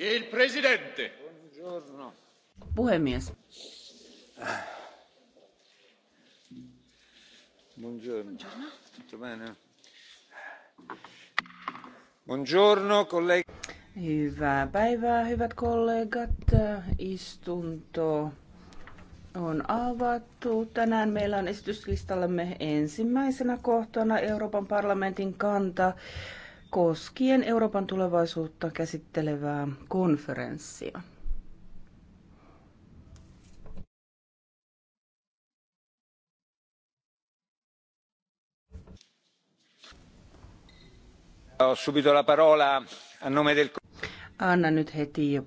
Il presidente. Buongiorno. Puhemies. Buongiorno. Tutto bene? Buongiorno, colleghi. Hyvää päivää, hyvät kollegat. Istunto on avattu. Tänään meillä on esityslistallamme ensimmäisenä kohtana Euroopan parlamentin kanta koskien Euroopan tulevaisuutta käsittelevää konferenssia. subito la parola a nome del Anna nyt heti jo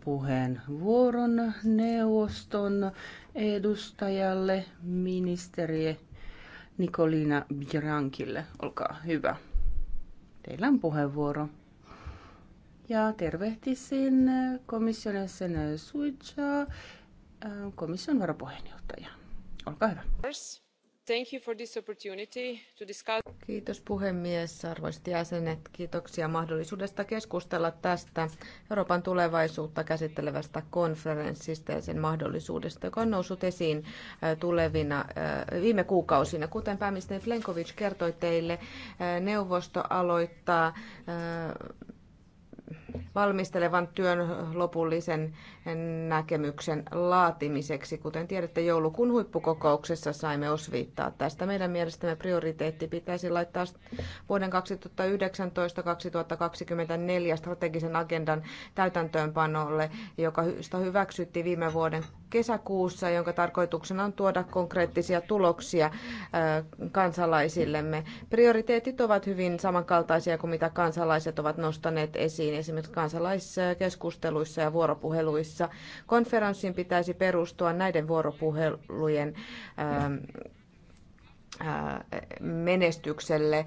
vuoron neuvoston edustajalle, ministeri Nikolina Biankille. Olkaa hyvä. Teillä on puheenvuoro. Ja tervehtisin komission jäsen Suitsa, komission varapuheenjohtaja. Olkaa hyvä. Kiitos puhemies, arvoisat jäsenet. Kiitoksia mahdollisuudesta keskustella tästä Euroopan tulevaisuutta käsittelevästä konferenssista ja sen mahdollisuudesta, joka on noussut esiin äh, tulevina äh, viime kuukausina. Kuten pääministeri Flenkovic kertoi teille, äh, neuvosto aloittaa valmistelevan työn lopullisen näkemyksen laatimiseksi. Kuten tiedätte, joulukuun huippukokouksessa saimme osviittaa tästä. Meidän mielestämme prioriteetti pitäisi laittaa vuoden 2019-2024 strategisen agendan täytäntöönpanolle, joka hyväksyttiin viime vuoden kesäkuussa, jonka tarkoituksena on tuoda konkreettisia tuloksia kansalaisillemme. Prioriteetit ovat hyvin samankaltaisia kuin mitä kansalaiset ovat nostaneet esiin esimerkiksi nyt kansalaiskeskusteluissa ja vuoropuheluissa. Konferenssin pitäisi perustua näiden vuoropuhelujen ähm, menestykselle.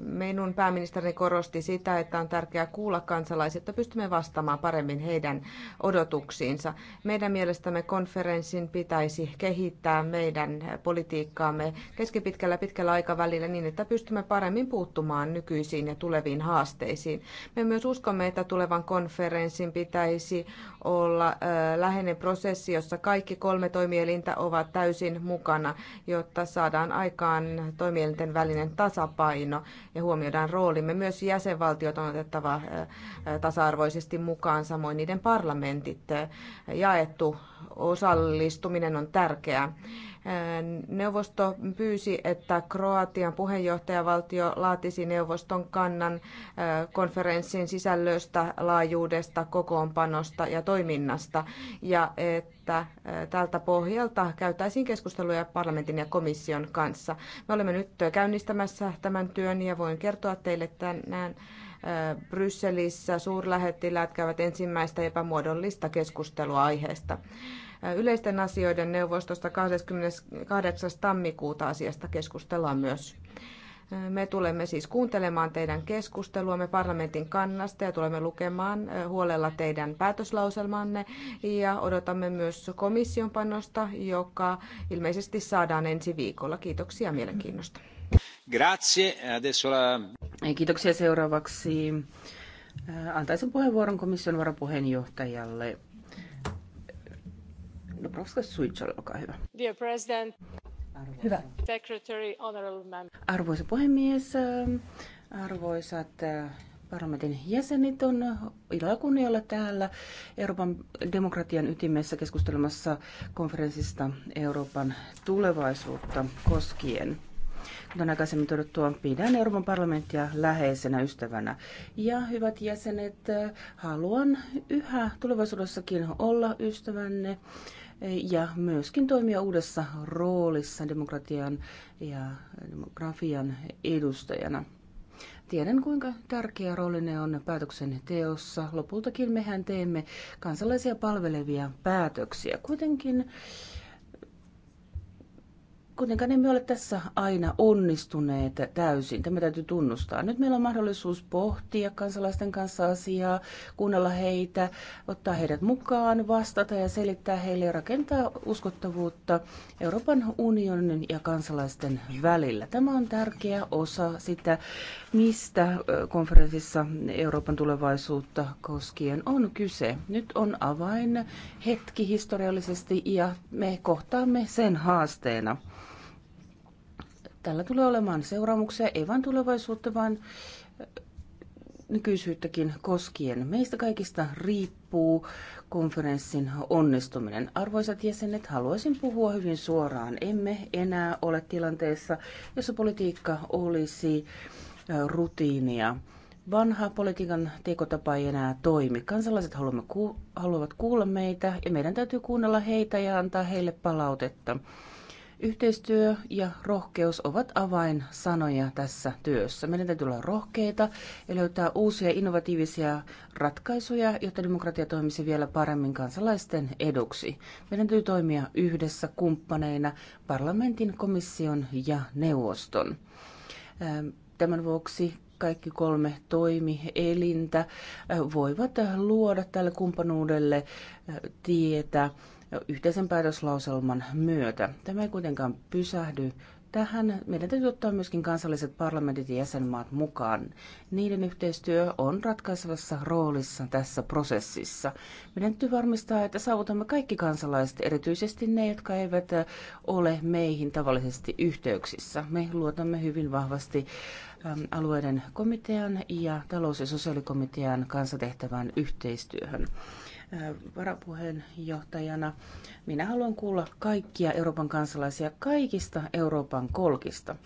Minun pääministeri korosti sitä, että on tärkeää kuulla kansalaiset, että pystymme vastaamaan paremmin heidän odotuksiinsa. Meidän mielestämme konferenssin pitäisi kehittää meidän politiikkaamme keskipitkällä ja pitkällä aikavälillä niin, että pystymme paremmin puuttumaan nykyisiin ja tuleviin haasteisiin. Me myös uskomme, että tulevan konferenssin pitäisi olla läheinen prosessi, jossa kaikki kolme toimielintä ovat täysin mukana, jotta saadaan aikaan toimielinten välinen tasapaino ja huomioidaan roolimme. Myös jäsenvaltiot on otettava tasa-arvoisesti mukaan, samoin niiden parlamentit. Jaettu osallistuminen on tärkeää. Neuvosto pyysi, että Kroatian puheenjohtajavaltio laatisi neuvoston kannan äh, konferenssin sisällöstä, laajuudesta, kokoonpanosta ja toiminnasta ja että äh, tältä pohjalta käytäisiin keskusteluja parlamentin ja komission kanssa. Me olemme nyt käynnistämässä tämän työn ja voin kertoa teille tänään äh, Brysselissä suurlähettiläät käyvät ensimmäistä epämuodollista keskustelua aiheesta yleisten asioiden neuvostosta 28. tammikuuta asiasta keskustellaan myös. Me tulemme siis kuuntelemaan teidän keskusteluamme parlamentin kannasta ja tulemme lukemaan huolella teidän päätöslauselmanne ja odotamme myös komission panosta, joka ilmeisesti saadaan ensi viikolla. Kiitoksia mielenkiinnosta. Kiitoksia seuraavaksi. Antaisin puheenvuoron komission varapuheenjohtajalle Dubrovska Suitsal, olkaa hyvä. Dear President, Hyvä. Secretary, Arvoisa puhemies, äh, arvoisat äh, parlamentin jäsenet on iloa kunnialla täällä Euroopan demokratian ytimessä keskustelemassa konferenssista Euroopan tulevaisuutta koskien. Kuten aikaisemmin todettua, pidän Euroopan parlamenttia läheisenä ystävänä. Ja hyvät jäsenet, äh, haluan yhä tulevaisuudessakin olla ystävänne ja myöskin toimia uudessa roolissa demokratian ja demografian edustajana. Tiedän, kuinka tärkeä rooli ne on päätöksenteossa. Lopultakin mehän teemme kansalaisia palvelevia päätöksiä. Kuitenkin Kuitenkaan emme ole tässä aina onnistuneet täysin. Tämä täytyy tunnustaa. Nyt meillä on mahdollisuus pohtia kansalaisten kanssa asiaa, kuunnella heitä, ottaa heidät mukaan, vastata ja selittää heille ja rakentaa uskottavuutta Euroopan unionin ja kansalaisten välillä. Tämä on tärkeä osa sitä, mistä konferenssissa Euroopan tulevaisuutta koskien on kyse. Nyt on avain hetki historiallisesti ja me kohtaamme sen haasteena. Tällä tulee olemaan seuraamuksia ei vain tulevaisuutta, vaan äh, nykyisyyttäkin koskien. Meistä kaikista riippuu konferenssin onnistuminen. Arvoisat jäsenet, haluaisin puhua hyvin suoraan. Emme enää ole tilanteessa, jossa politiikka olisi äh, rutiinia. Vanha politiikan tekotapa ei enää toimi. Kansalaiset haluamme ku- haluavat kuulla meitä ja meidän täytyy kuunnella heitä ja antaa heille palautetta. Yhteistyö ja rohkeus ovat avainsanoja tässä työssä. Meidän täytyy olla rohkeita ja löytää uusia innovatiivisia ratkaisuja, jotta demokratia toimisi vielä paremmin kansalaisten eduksi. Meidän täytyy toimia yhdessä kumppaneina parlamentin, komission ja neuvoston. Ähm, tämän vuoksi kaikki kolme toimielintä äh, voivat luoda tälle kumppanuudelle äh, tietä No, yhteisen päätöslauselman myötä. Tämä ei kuitenkaan pysähdy tähän. Meidän täytyy ottaa myöskin kansalliset parlamentit ja jäsenmaat mukaan. Niiden yhteistyö on ratkaisevassa roolissa tässä prosessissa. Meidän täytyy varmistaa, että saavutamme kaikki kansalaiset, erityisesti ne, jotka eivät ole meihin tavallisesti yhteyksissä. Me luotamme hyvin vahvasti alueiden komitean ja talous- ja sosiaalikomitean kanssa tehtävään yhteistyöhön varapuheenjohtajana. Minä haluan kuulla kaikkia Euroopan kansalaisia kaikista Euroopan kolkista.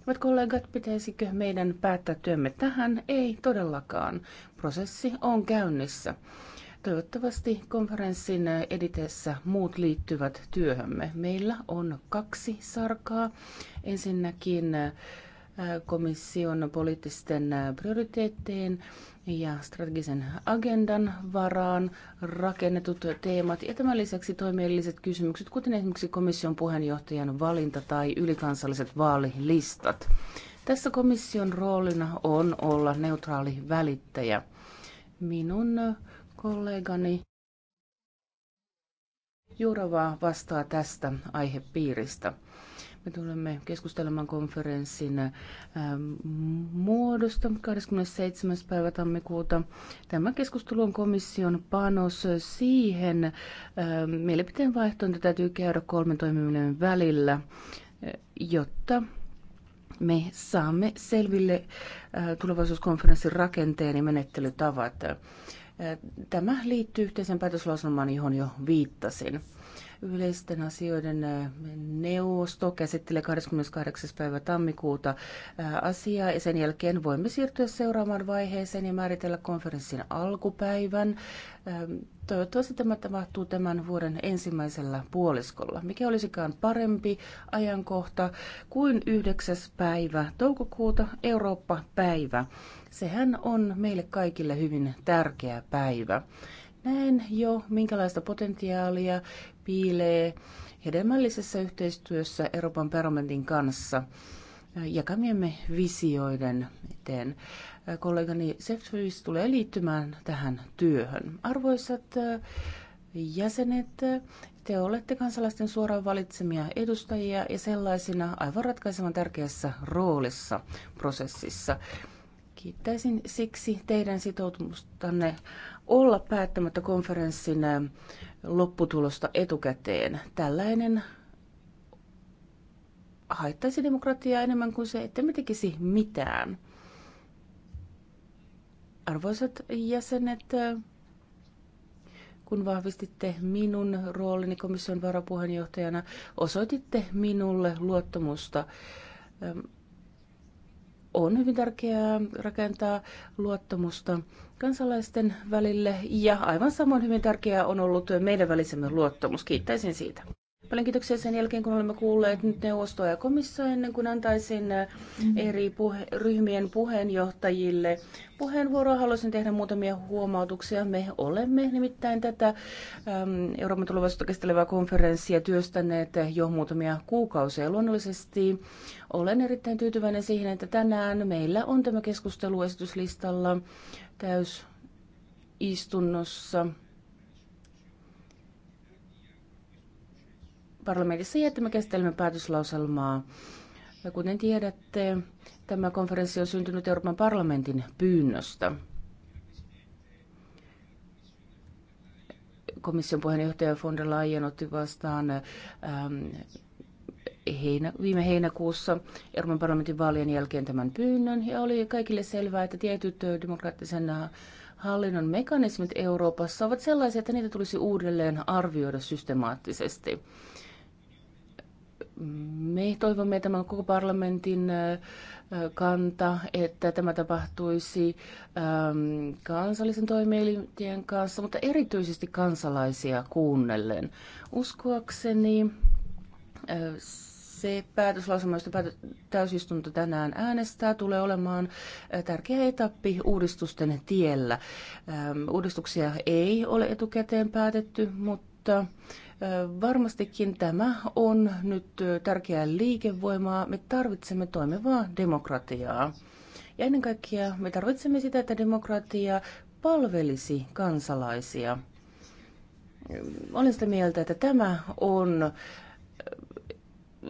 Hyvät kollegat, pitäisikö meidän päättää työmme tähän? Ei todellakaan. Prosessi on käynnissä. Toivottavasti konferenssin editessä muut liittyvät työhömme. Meillä on kaksi sarkaa. Ensinnäkin komission poliittisten prioriteettien ja strategisen agendan varaan rakennetut teemat ja tämän lisäksi toimielliset kysymykset, kuten esimerkiksi komission puheenjohtajan valinta tai ylikansalliset vaalilistat. Tässä komission roolina on olla neutraali välittäjä. Minun kollegani Jurova vastaa tästä aihepiiristä. Me tulemme keskustelemaan konferenssin muodosta 27. päivä tammikuuta. Tämä keskustelu on komission panos siihen. Mielipiteen vaihtoon täytyy käydä kolmen toimiminen välillä, jotta me saamme selville tulevaisuuskonferenssin rakenteen ja menettelytavat. Tämä liittyy yhteisen päätöslauselmaan, johon jo viittasin. Yleisten asioiden äh, neuvosto käsittelee 28. päivä tammikuuta äh, asiaa ja sen jälkeen voimme siirtyä seuraavaan vaiheeseen ja määritellä konferenssin alkupäivän. Ähm, toivottavasti tämä tapahtuu tämän vuoden ensimmäisellä puoliskolla, mikä olisikaan parempi ajankohta kuin 9. päivä toukokuuta Eurooppa-päivä. Sehän on meille kaikille hyvin tärkeä päivä. Näen jo, minkälaista potentiaalia piilee hedelmällisessä yhteistyössä Euroopan parlamentin kanssa jakamiemme visioiden eteen. Kollegani Sefcovic tulee liittymään tähän työhön. Arvoisat jäsenet, te olette kansalaisten suoraan valitsemia edustajia ja sellaisina aivan ratkaisevan tärkeässä roolissa prosessissa. Kiittäisin siksi teidän sitoutumustanne olla päättämättä konferenssin lopputulosta etukäteen. Tällainen haittaisi demokratiaa enemmän kuin se, että me tekisi mitään. Arvoisat jäsenet, kun vahvistitte minun roolini komission varapuheenjohtajana, osoititte minulle luottamusta. On hyvin tärkeää rakentaa luottamusta kansalaisten välille ja aivan samoin hyvin tärkeää on ollut meidän välisemme luottamus. Kiittäisin siitä. Paljon kiitoksia sen jälkeen, kun olemme kuulleet nyt neuvostoa ja komissio ennen kuin antaisin äh, eri puhe- ryhmien puheenjohtajille puheenvuoroa. Haluaisin tehdä muutamia huomautuksia. Me olemme nimittäin tätä äm, Euroopan tulevaisuutta käsittelevää konferenssia työstäneet jo muutamia kuukausia. Luonnollisesti olen erittäin tyytyväinen siihen, että tänään meillä on tämä keskustelu esityslistalla täysistunnossa. parlamentissa jättämä me käsittelemme päätöslauselmaa. Ja kuten tiedätte, tämä konferenssi on syntynyt Euroopan parlamentin pyynnöstä. Komission puheenjohtaja von der Leyen otti vastaan ähm, heinä, viime heinäkuussa Euroopan parlamentin vaalien jälkeen tämän pyynnön ja oli kaikille selvää, että tietyt demokraattisen hallinnon mekanismit Euroopassa ovat sellaisia, että niitä tulisi uudelleen arvioida systemaattisesti. Me toivomme tämän koko parlamentin kanta, että tämä tapahtuisi kansallisen toimielintien kanssa, mutta erityisesti kansalaisia kuunnellen. Uskoakseni se päätöslausuma, josta täysistunto tänään äänestää, tulee olemaan tärkeä etappi uudistusten tiellä. Uudistuksia ei ole etukäteen päätetty, mutta Varmastikin tämä on nyt tärkeää liikevoimaa. Me tarvitsemme toimivaa demokratiaa. Ja ennen kaikkea me tarvitsemme sitä, että demokratia palvelisi kansalaisia. Olen sitä mieltä, että tämä on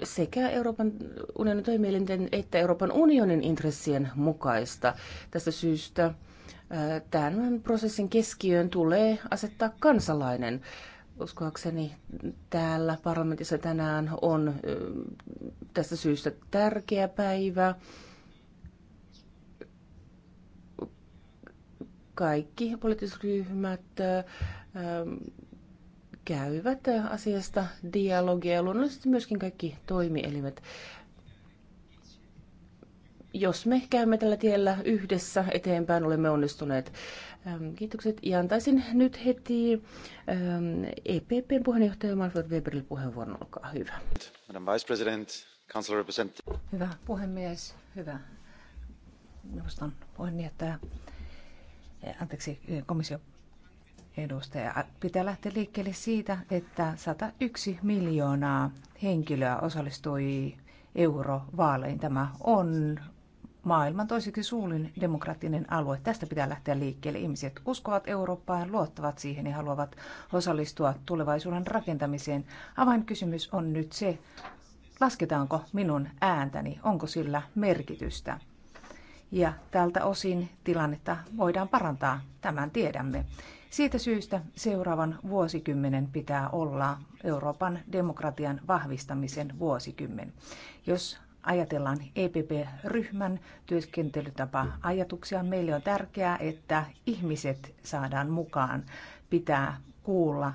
sekä Euroopan unionin toimielinten että Euroopan unionin intressien mukaista. Tästä syystä tämän prosessin keskiöön tulee asettaa kansalainen uskoakseni täällä parlamentissa tänään on tästä syystä tärkeä päivä. Kaikki poliittiset ryhmät käyvät asiasta dialogia ja luonnollisesti myöskin kaikki toimielimet. Jos me käymme tällä tiellä yhdessä eteenpäin, olemme onnistuneet. Ähm, kiitokset. Ja antaisin nyt heti ähm, EPPn puheenjohtaja Manfred Weberille puheenvuoron. Olkaa hyvä. Madam Vice President, Council Representative. Hyvä puhemies, hyvä neuvoston puheenjohtaja, anteeksi, e, komission edustaja. Pitää lähteä liikkeelle siitä, että 101 miljoonaa henkilöä osallistui eurovaaleihin. Tämä on maailman toiseksi suurin demokraattinen alue. Tästä pitää lähteä liikkeelle. Ihmiset uskovat Eurooppaan, luottavat siihen ja haluavat osallistua tulevaisuuden rakentamiseen. Avainkysymys on nyt se, lasketaanko minun ääntäni, onko sillä merkitystä. Ja tältä osin tilannetta voidaan parantaa, tämän tiedämme. Siitä syystä seuraavan vuosikymmenen pitää olla Euroopan demokratian vahvistamisen vuosikymmen. Jos ajatellaan EPP-ryhmän työskentelytapa-ajatuksia. Meille on tärkeää, että ihmiset saadaan mukaan. Pitää kuulla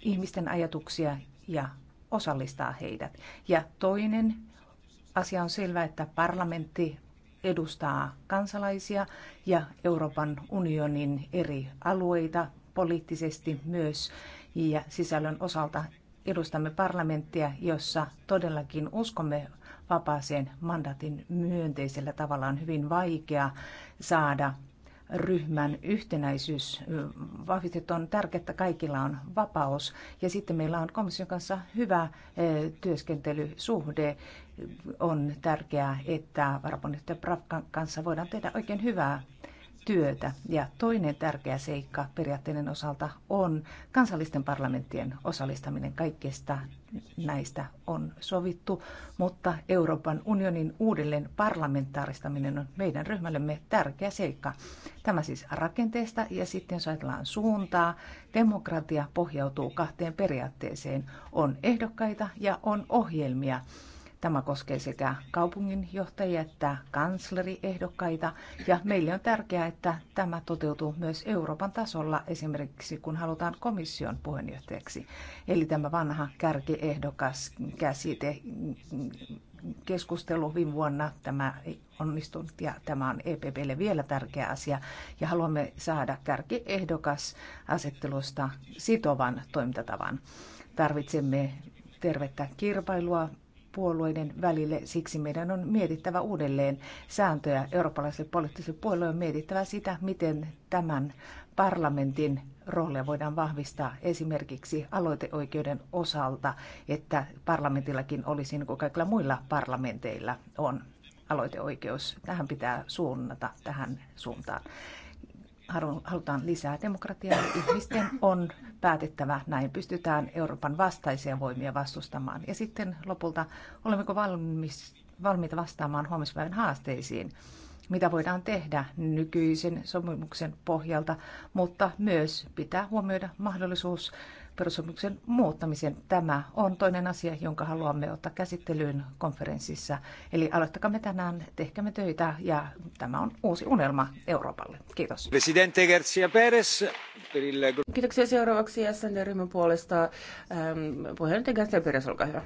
ihmisten ajatuksia ja osallistaa heidät. Ja toinen asia on selvä, että parlamentti edustaa kansalaisia ja Euroopan unionin eri alueita poliittisesti myös ja sisällön osalta edustamme parlamenttia, jossa todellakin uskomme vapaaseen mandatin myönteisellä tavalla on hyvin vaikea saada ryhmän yhtenäisyys vahvistettu on tärkeää, että kaikilla on vapaus. Ja sitten meillä on komission kanssa hyvä eh, työskentelysuhde. On tärkeää, että varapuheenjohtaja Pravkan kanssa voidaan tehdä oikein hyvää työtä. Ja toinen tärkeä seikka periaatteiden osalta on kansallisten parlamenttien osallistaminen. Kaikista näistä on sovittu, mutta Euroopan unionin uudelleen parlamentaaristaminen on meidän ryhmällemme tärkeä seikka. Tämä siis rakenteesta ja sitten jos ajatellaan suuntaa, demokratia pohjautuu kahteen periaatteeseen. On ehdokkaita ja on ohjelmia. Tämä koskee sekä kaupunginjohtajia että kansleriehdokkaita. Ja meille on tärkeää, että tämä toteutuu myös Euroopan tasolla, esimerkiksi kun halutaan komission puheenjohtajaksi. Eli tämä vanha kärkiehdokas käsite keskustelu viime vuonna. Tämä ei onnistunut ja tämä on EPPlle vielä tärkeä asia. Ja haluamme saada kärkiehdokas asettelusta sitovan toimintatavan. Tarvitsemme tervettä kirpailua puolueiden välille. Siksi meidän on mietittävä uudelleen sääntöjä eurooppalaisille poliittisille puolueille. On mietittävä sitä, miten tämän parlamentin roolia voidaan vahvistaa esimerkiksi aloiteoikeuden osalta, että parlamentillakin olisi niin kuin kaikilla muilla parlamenteilla on aloiteoikeus. Tähän pitää suunnata tähän suuntaan halutaan lisää demokratiaa, ihmisten on päätettävä, näin pystytään Euroopan vastaisia voimia vastustamaan. Ja sitten lopulta, olemmeko valmis, valmiita vastaamaan huomispäivän haasteisiin, mitä voidaan tehdä nykyisen sopimuksen pohjalta, mutta myös pitää huomioida mahdollisuus perusopimuksen muuttamisen. Tämä on toinen asia, jonka haluamme ottaa käsittelyyn konferenssissa. Eli me tänään, tehkäämme töitä ja tämä on uusi unelma Euroopalle. Kiitos. Presidente Garcia Perez. Kiitoksia seuraavaksi SND-ryhmän puolesta. Ähm, puheenjohtaja Garcia Perez, olkaa hyvä.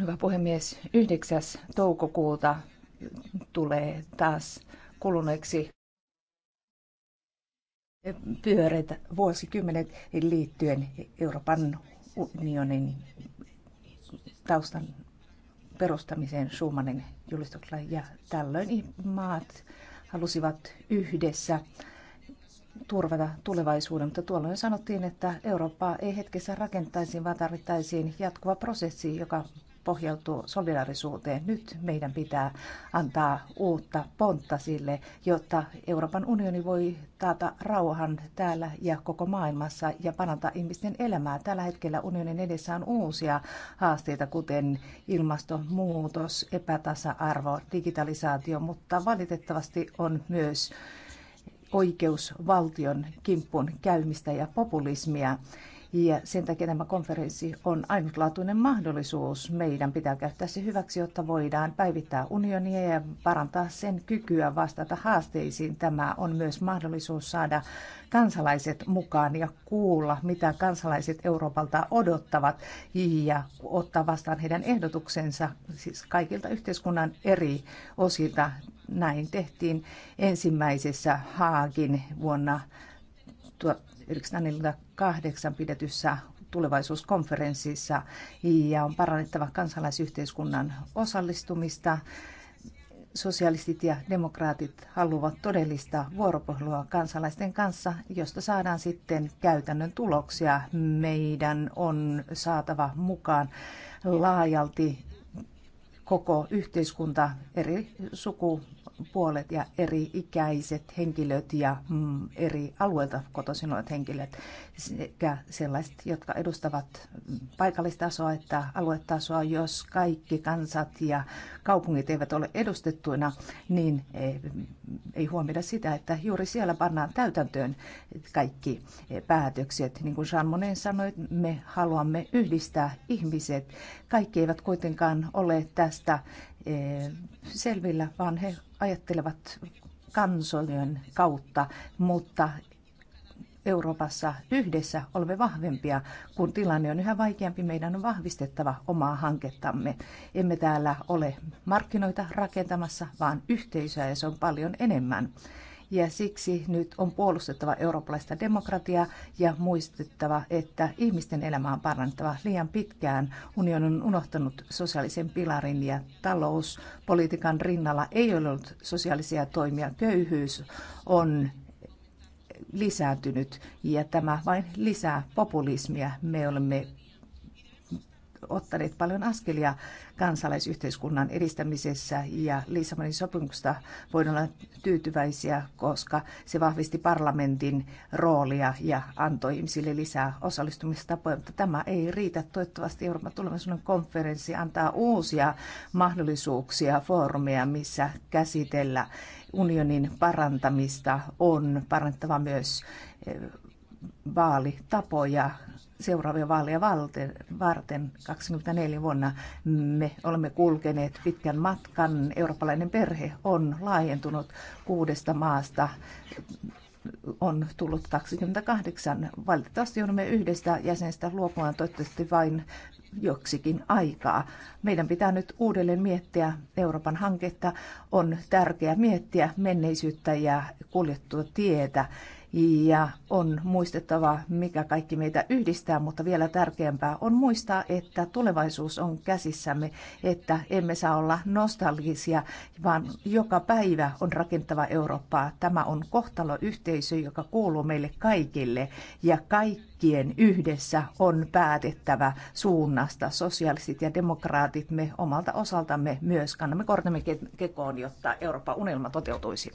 Hyvä puhemies, 9. toukokuuta tulee taas kuluneeksi pyöreitä vuosikymmenet liittyen Euroopan unionin taustan perustamiseen Schumannin julistuksella. Ja tällöin maat halusivat yhdessä turvata tulevaisuuden, mutta tuolloin sanottiin, että Eurooppaa ei hetkessä rakentaisi, vaan tarvittaisiin jatkuva prosessi, joka pohjautuu solidaarisuuteen. Nyt meidän pitää antaa uutta pontta sille, jotta Euroopan unioni voi taata rauhan täällä ja koko maailmassa ja parantaa ihmisten elämää. Tällä hetkellä unionin edessä on uusia haasteita, kuten ilmastonmuutos, epätasa-arvo, digitalisaatio, mutta valitettavasti on myös oikeusvaltion kimppun käymistä ja populismia. Ja sen takia tämä konferenssi on ainutlaatuinen mahdollisuus. Meidän pitää käyttää se hyväksi, jotta voidaan päivittää unionia ja parantaa sen kykyä vastata haasteisiin. Tämä on myös mahdollisuus saada kansalaiset mukaan ja kuulla, mitä kansalaiset Euroopalta odottavat ja ottaa vastaan heidän ehdotuksensa siis kaikilta yhteiskunnan eri osilta. Näin tehtiin ensimmäisessä Haagin vuonna 1940 2008 pidetyssä tulevaisuuskonferenssissa ja on parannettava kansalaisyhteiskunnan osallistumista. Sosialistit ja demokraatit haluavat todellista vuoropuhelua kansalaisten kanssa, josta saadaan sitten käytännön tuloksia. Meidän on saatava mukaan laajalti koko yhteiskunta eri suku puolet ja eri ikäiset henkilöt ja mm, eri alueilta kotoisin olevat henkilöt sekä sellaiset, jotka edustavat paikallistasoa että aluetasoa. Jos kaikki kansat ja kaupungit eivät ole edustettuina, niin ei, ei huomioida sitä, että juuri siellä pannaan täytäntöön kaikki e, päätökset. Niin kuin Jean Monnet sanoi, me haluamme yhdistää ihmiset. Kaikki eivät kuitenkaan ole tästä Eh, selvillä, vaan he ajattelevat kansojen kautta, mutta Euroopassa yhdessä olemme vahvempia. Kun tilanne on yhä vaikeampi, meidän on vahvistettava omaa hankettamme. Emme täällä ole markkinoita rakentamassa, vaan yhteisöä ja se on paljon enemmän ja siksi nyt on puolustettava eurooppalaista demokratiaa ja muistettava, että ihmisten elämä on parannettava liian pitkään. Union on unohtanut sosiaalisen pilarin ja talouspolitiikan rinnalla ei ole ollut sosiaalisia toimia. Köyhyys on lisääntynyt ja tämä vain lisää populismia. Me olemme ottaneet paljon askelia kansalaisyhteiskunnan edistämisessä ja Lissabonin sopimuksesta voidaan olla tyytyväisiä, koska se vahvisti parlamentin roolia ja antoi ihmisille lisää osallistumistapoja, mutta tämä ei riitä. Toivottavasti Euroopan tulevaisuuden konferenssi antaa uusia mahdollisuuksia, foorumeja, missä käsitellä unionin parantamista on parantava myös eh, vaalitapoja seuraavia vaaleja varten 24 vuonna. Me olemme kulkeneet pitkän matkan. Eurooppalainen perhe on laajentunut kuudesta maasta on tullut 28. Valitettavasti joudumme yhdestä jäsenestä luopumaan toivottavasti vain joksikin aikaa. Meidän pitää nyt uudelleen miettiä Euroopan hanketta. On tärkeää miettiä menneisyyttä ja kuljettua tietä ja on muistettava, mikä kaikki meitä yhdistää, mutta vielä tärkeämpää on muistaa, että tulevaisuus on käsissämme, että emme saa olla nostalgisia, vaan joka päivä on rakentava Eurooppaa. Tämä on kohtaloyhteisö, joka kuuluu meille kaikille ja kaikki kaikkien yhdessä on päätettävä suunnasta. sosialistit ja demokraatit me omalta osaltamme myös kannamme kortemme kekoon, jotta Euroopan unelma toteutuisi.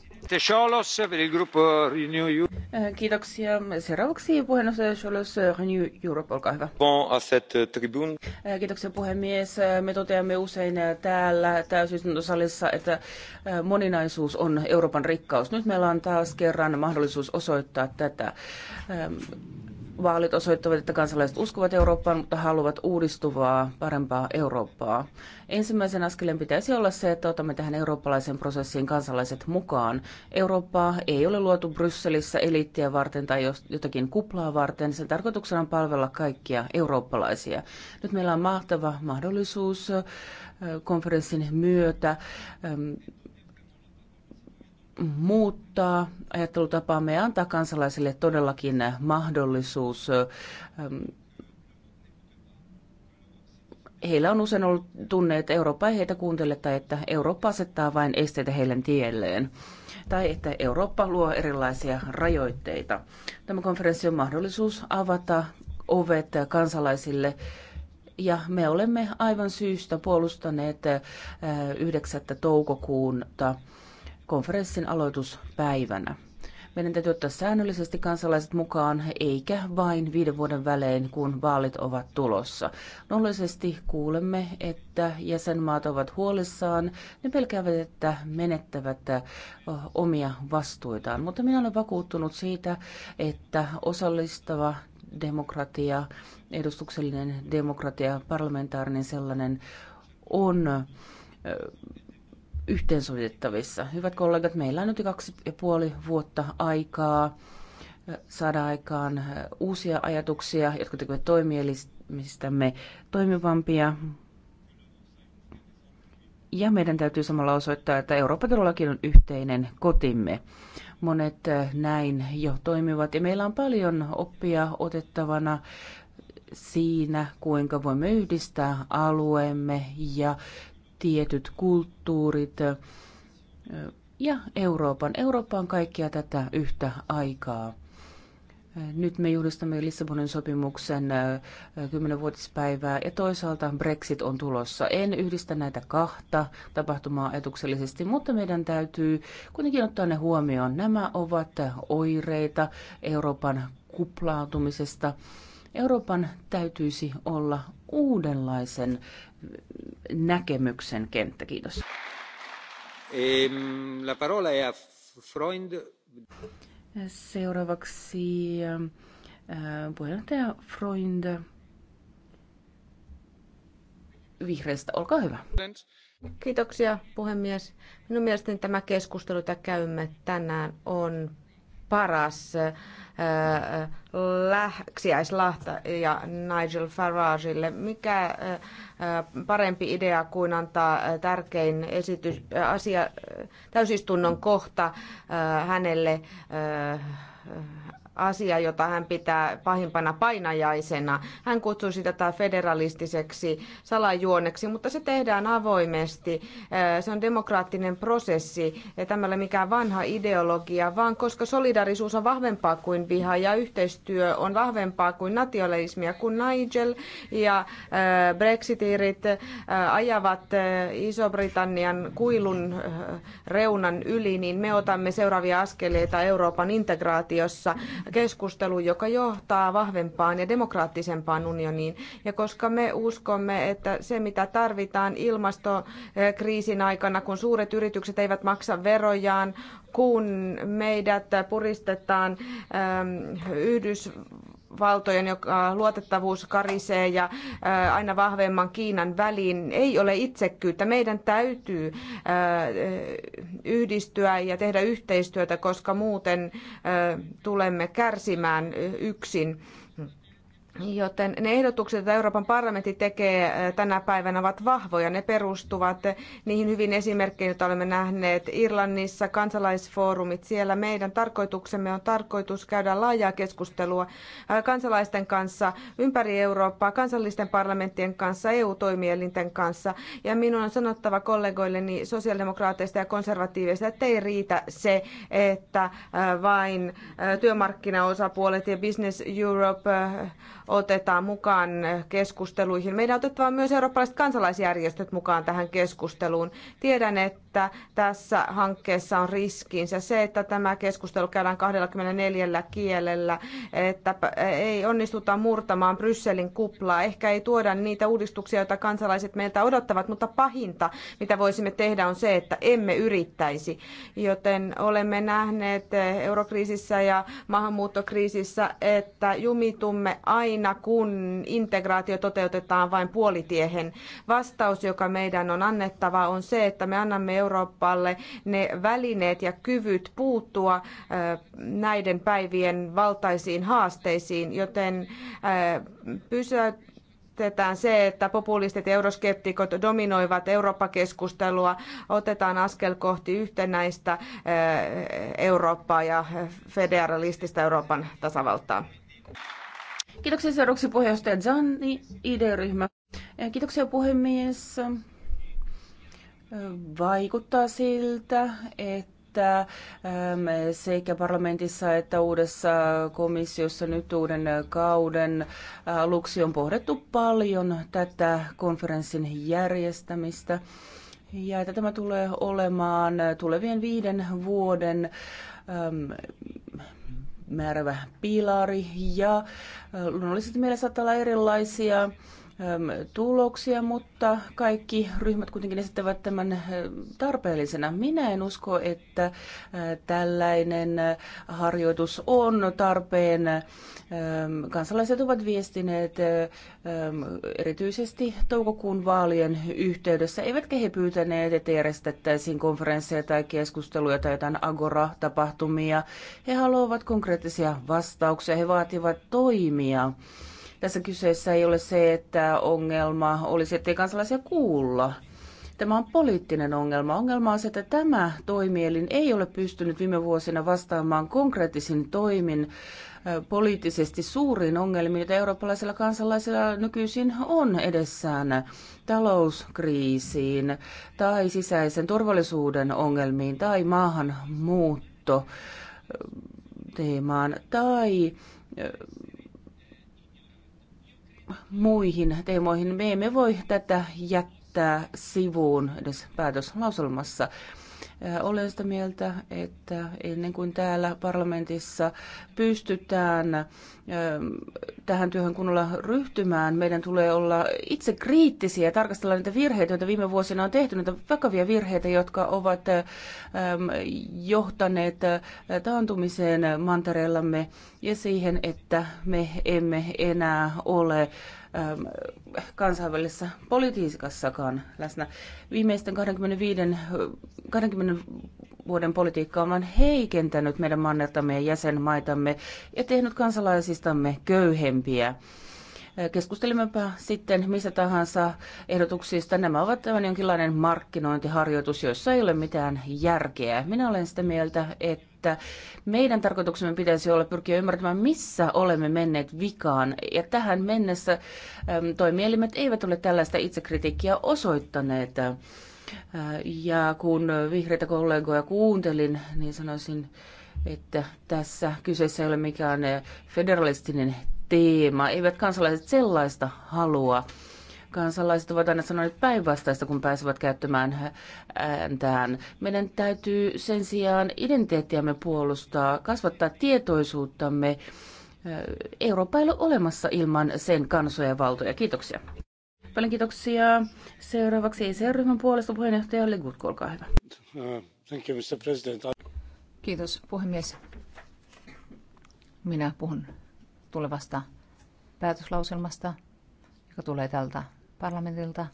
Äh, kiitoksia. Seuraavaksi puheenjohtaja Scholos äh, Renew Europe, olkaa hyvä. Äh, kiitoksia puhemies. Me toteamme usein täällä täysistuntosalissa, että moninaisuus on Euroopan rikkaus. Nyt meillä on taas kerran mahdollisuus osoittaa tätä. Ähm, Vaalit osoittavat, että kansalaiset uskovat Eurooppaan, mutta haluavat uudistuvaa, parempaa Eurooppaa. Ensimmäisen askeleen pitäisi olla se, että otamme tähän eurooppalaisen prosessiin kansalaiset mukaan. Eurooppaa ei ole luotu Brysselissä eliittiä varten tai jotakin kuplaa varten. Sen tarkoituksena on palvella kaikkia eurooppalaisia. Nyt meillä on mahtava mahdollisuus konferenssin myötä muuttaa ajattelutapaamme ja antaa kansalaisille todellakin mahdollisuus. Ähm, heillä on usein ollut tunne, että Eurooppa ei heitä kuuntele tai että Eurooppa asettaa vain esteitä heidän tielleen tai että Eurooppa luo erilaisia rajoitteita. Tämä konferenssi on mahdollisuus avata ovet kansalaisille ja me olemme aivan syystä puolustaneet 9. Äh, toukokuuta konferenssin aloituspäivänä. Meidän täytyy ottaa säännöllisesti kansalaiset mukaan, eikä vain viiden vuoden välein, kun vaalit ovat tulossa. Nollisesti kuulemme, että jäsenmaat ovat huolissaan. Ne pelkäävät, että menettävät omia vastuitaan. Mutta minä olen vakuuttunut siitä, että osallistava demokratia, edustuksellinen demokratia, parlamentaarinen sellainen on yhteensovitettavissa. Hyvät kollegat, meillä on nyt kaksi ja puoli vuotta aikaa saada aikaan uusia ajatuksia, jotka tekevät toimielimistämme toimivampia. Ja meidän täytyy samalla osoittaa, että Eurooppa todellakin on yhteinen kotimme. Monet näin jo toimivat ja meillä on paljon oppia otettavana siinä, kuinka voimme yhdistää alueemme ja tietyt kulttuurit ja Euroopan. Eurooppa on kaikkia tätä yhtä aikaa. Nyt me juhlistamme Lissabonin sopimuksen 10-vuotispäivää ja toisaalta Brexit on tulossa. En yhdistä näitä kahta tapahtumaa etuksellisesti, mutta meidän täytyy kuitenkin ottaa ne huomioon. Nämä ovat oireita Euroopan kuplaantumisesta. Euroopan täytyisi olla uudenlaisen näkemyksen kenttä. Kiitos. Ehm, la parola è a Freund. Seuraavaksi äh, puheenjohtaja Freund vihreistä. Olkaa hyvä. Kiitoksia puhemies. Minun mielestäni tämä keskustelu, jota käymme tänään, on paras äh, äh, läksiäislahta ja Nigel Faragelle. Mikä äh, parempi idea kuin antaa tärkein esitys, asia, täysistunnon kohta hänelle asia, jota hän pitää pahimpana painajaisena. Hän kutsuu sitä tätä federalistiseksi salajuoneksi, mutta se tehdään avoimesti. Se on demokraattinen prosessi. Tämä ei ole mikään vanha ideologia, vaan koska solidarisuus on vahvempaa kuin viha ja yhteistyö on vahvempaa kuin nationalismia, kun Nigel ja Brexitirit ajavat Iso-Britannian kuilun reunan yli, niin me otamme seuraavia askeleita Euroopan integraatiossa keskustelu, joka johtaa vahvempaan ja demokraattisempaan unioniin. Ja koska me uskomme, että se mitä tarvitaan ilmastokriisin aikana, kun suuret yritykset eivät maksa verojaan, kun meidät puristetaan Yhdysvaltoihin, valtojen, joka luotettavuus karisee ja äh, aina vahvemman Kiinan väliin, ei ole itsekkyyttä. Meidän täytyy äh, yhdistyä ja tehdä yhteistyötä, koska muuten äh, tulemme kärsimään yksin. Joten ne ehdotukset, joita Euroopan parlamentti tekee eh, tänä päivänä, ovat vahvoja. Ne perustuvat niihin hyvin esimerkkeihin, joita olemme nähneet Irlannissa, kansalaisfoorumit siellä. Meidän tarkoituksemme on tarkoitus käydä laajaa keskustelua eh, kansalaisten kanssa ympäri Eurooppaa, kansallisten parlamenttien kanssa, EU-toimielinten kanssa. Ja minun on sanottava kollegoilleni sosiaalidemokraateista ja konservatiiveista, että ei riitä se, että eh, vain työmarkkinaosapuolet ja Business Europe otetaan mukaan keskusteluihin. Meidän on otettava myös eurooppalaiset kansalaisjärjestöt mukaan tähän keskusteluun. Tiedän, että tässä hankkeessa on riskinsä se, että tämä keskustelu käydään 24 kielellä, että ei onnistuta murtamaan Brysselin kuplaa. Ehkä ei tuoda niitä uudistuksia, joita kansalaiset meiltä odottavat, mutta pahinta, mitä voisimme tehdä, on se, että emme yrittäisi. Joten olemme nähneet eurokriisissä ja maahanmuuttokriisissä, että jumitumme aina aina, kun integraatio toteutetaan vain puolitiehen. Vastaus, joka meidän on annettava, on se, että me annamme Euroopalle ne välineet ja kyvyt puuttua näiden päivien valtaisiin haasteisiin, joten pysäyt se, että populistit ja euroskeptikot dominoivat Eurooppa-keskustelua, otetaan askel kohti yhtenäistä Eurooppaa ja federalistista Euroopan tasavaltaa. Kiitoksia seuraavaksi puheenjohtaja Zanni, ID-ryhmä. Kiitoksia puhemies. Vaikuttaa siltä, että ähm, sekä parlamentissa että uudessa komissiossa nyt uuden kauden aluksi on pohdittu paljon tätä konferenssin järjestämistä. Ja että tämä tulee olemaan tulevien viiden vuoden ähm, määrävä pilari ja luonnollisesti meillä saattaa olla erilaisia tuloksia, mutta kaikki ryhmät kuitenkin esittävät tämän tarpeellisena. Minä en usko, että tällainen harjoitus on tarpeen. Kansalaiset ovat viestineet erityisesti toukokuun vaalien yhteydessä, eivätkä he pyytäneet, että järjestettäisiin konferensseja tai keskusteluja tai jotain agora-tapahtumia. He haluavat konkreettisia vastauksia, he vaativat toimia. Tässä kyseessä ei ole se, että ongelma olisi, ei kansalaisia kuulla. Tämä on poliittinen ongelma. Ongelma on se, että tämä toimielin ei ole pystynyt viime vuosina vastaamaan konkreettisin toimin poliittisesti suuriin ongelmiin, joita eurooppalaisilla kansalaisilla nykyisin on edessään talouskriisiin tai sisäisen turvallisuuden ongelmiin tai maahanmuutto teemaan tai muihin teemoihin. Me emme voi tätä jättää sivuun edes päätöslauselmassa. Olen sitä mieltä, että ennen kuin täällä parlamentissa pystytään tähän työhön kunnolla ryhtymään, meidän tulee olla itse kriittisiä ja tarkastella niitä virheitä, joita viime vuosina on tehty, niitä vakavia virheitä, jotka ovat johtaneet taantumiseen mantereellamme ja siihen, että me emme enää ole Ähm, kansainvälisessä politiikassakaan läsnä. Viimeisten 25, 20 vuoden politiikka on vain heikentänyt meidän mannertamme ja jäsenmaitamme ja tehnyt kansalaisistamme köyhempiä. Keskustelimmepa sitten missä tahansa ehdotuksista. Nämä ovat tämän jonkinlainen markkinointiharjoitus, jossa ei ole mitään järkeä. Minä olen sitä mieltä, että meidän tarkoituksemme pitäisi olla pyrkiä ymmärtämään, missä olemme menneet vikaan. Ja tähän mennessä toimielimet eivät ole tällaista itsekritiikkiä osoittaneet. Äh, ja kun vihreitä kollegoja kuuntelin, niin sanoisin, että tässä kyseessä ei ole mikään federalistinen teema. Eivät kansalaiset sellaista halua. Kansalaiset ovat aina sanoneet päinvastaista, kun pääsevät käyttämään ääntään. Meidän täytyy sen sijaan identiteettiämme puolustaa, kasvattaa tietoisuuttamme. Eurooppa ei ole olemassa ilman sen kansoja ja valtoja. Kiitoksia. Paljon kiitoksia. Seuraavaksi ECR-ryhmän puolesta puheenjohtaja Legut, olkaa hyvä. Thank you, Mr. President. Kiitos puhemies. Minä puhun tulevasta päätöslauselmasta, joka tulee tältä parlamentilta.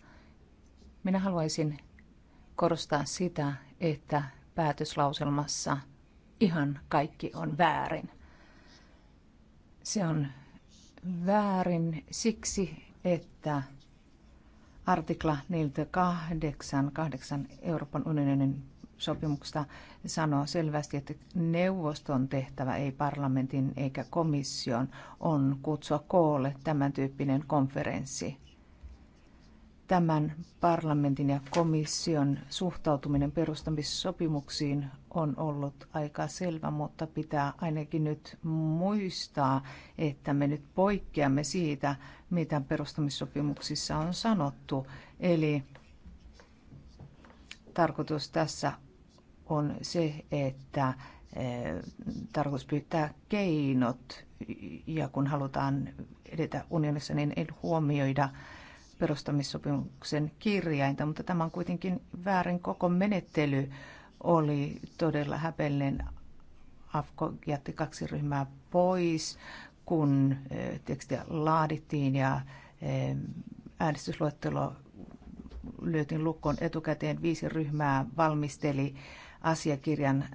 Minä haluaisin korostaa sitä, että päätöslauselmassa ihan kaikki on väärin. Se on väärin siksi, että artikla 4.8.8 Euroopan unionin sopimuksesta sanoo selvästi, että neuvoston tehtävä ei parlamentin eikä komission on kutsua koolle tämän tyyppinen konferenssi. Tämän parlamentin ja komission suhtautuminen perustamissopimuksiin on ollut aika selvä, mutta pitää ainakin nyt muistaa, että me nyt poikkeamme siitä, mitä perustamissopimuksissa on sanottu. Eli tarkoitus tässä on se, että eh, tarkoitus pyytää keinot ja kun halutaan edetä unionissa, niin ei huomioida perustamissopimuksen kirjainta, mutta tämä on kuitenkin väärin koko menettely oli todella häpeellinen. AFKO jätti kaksi ryhmää pois, kun eh, tekstiä laadittiin ja eh, äänestysluettelo lyötiin lukkoon etukäteen. Viisi ryhmää valmisteli asiakirjan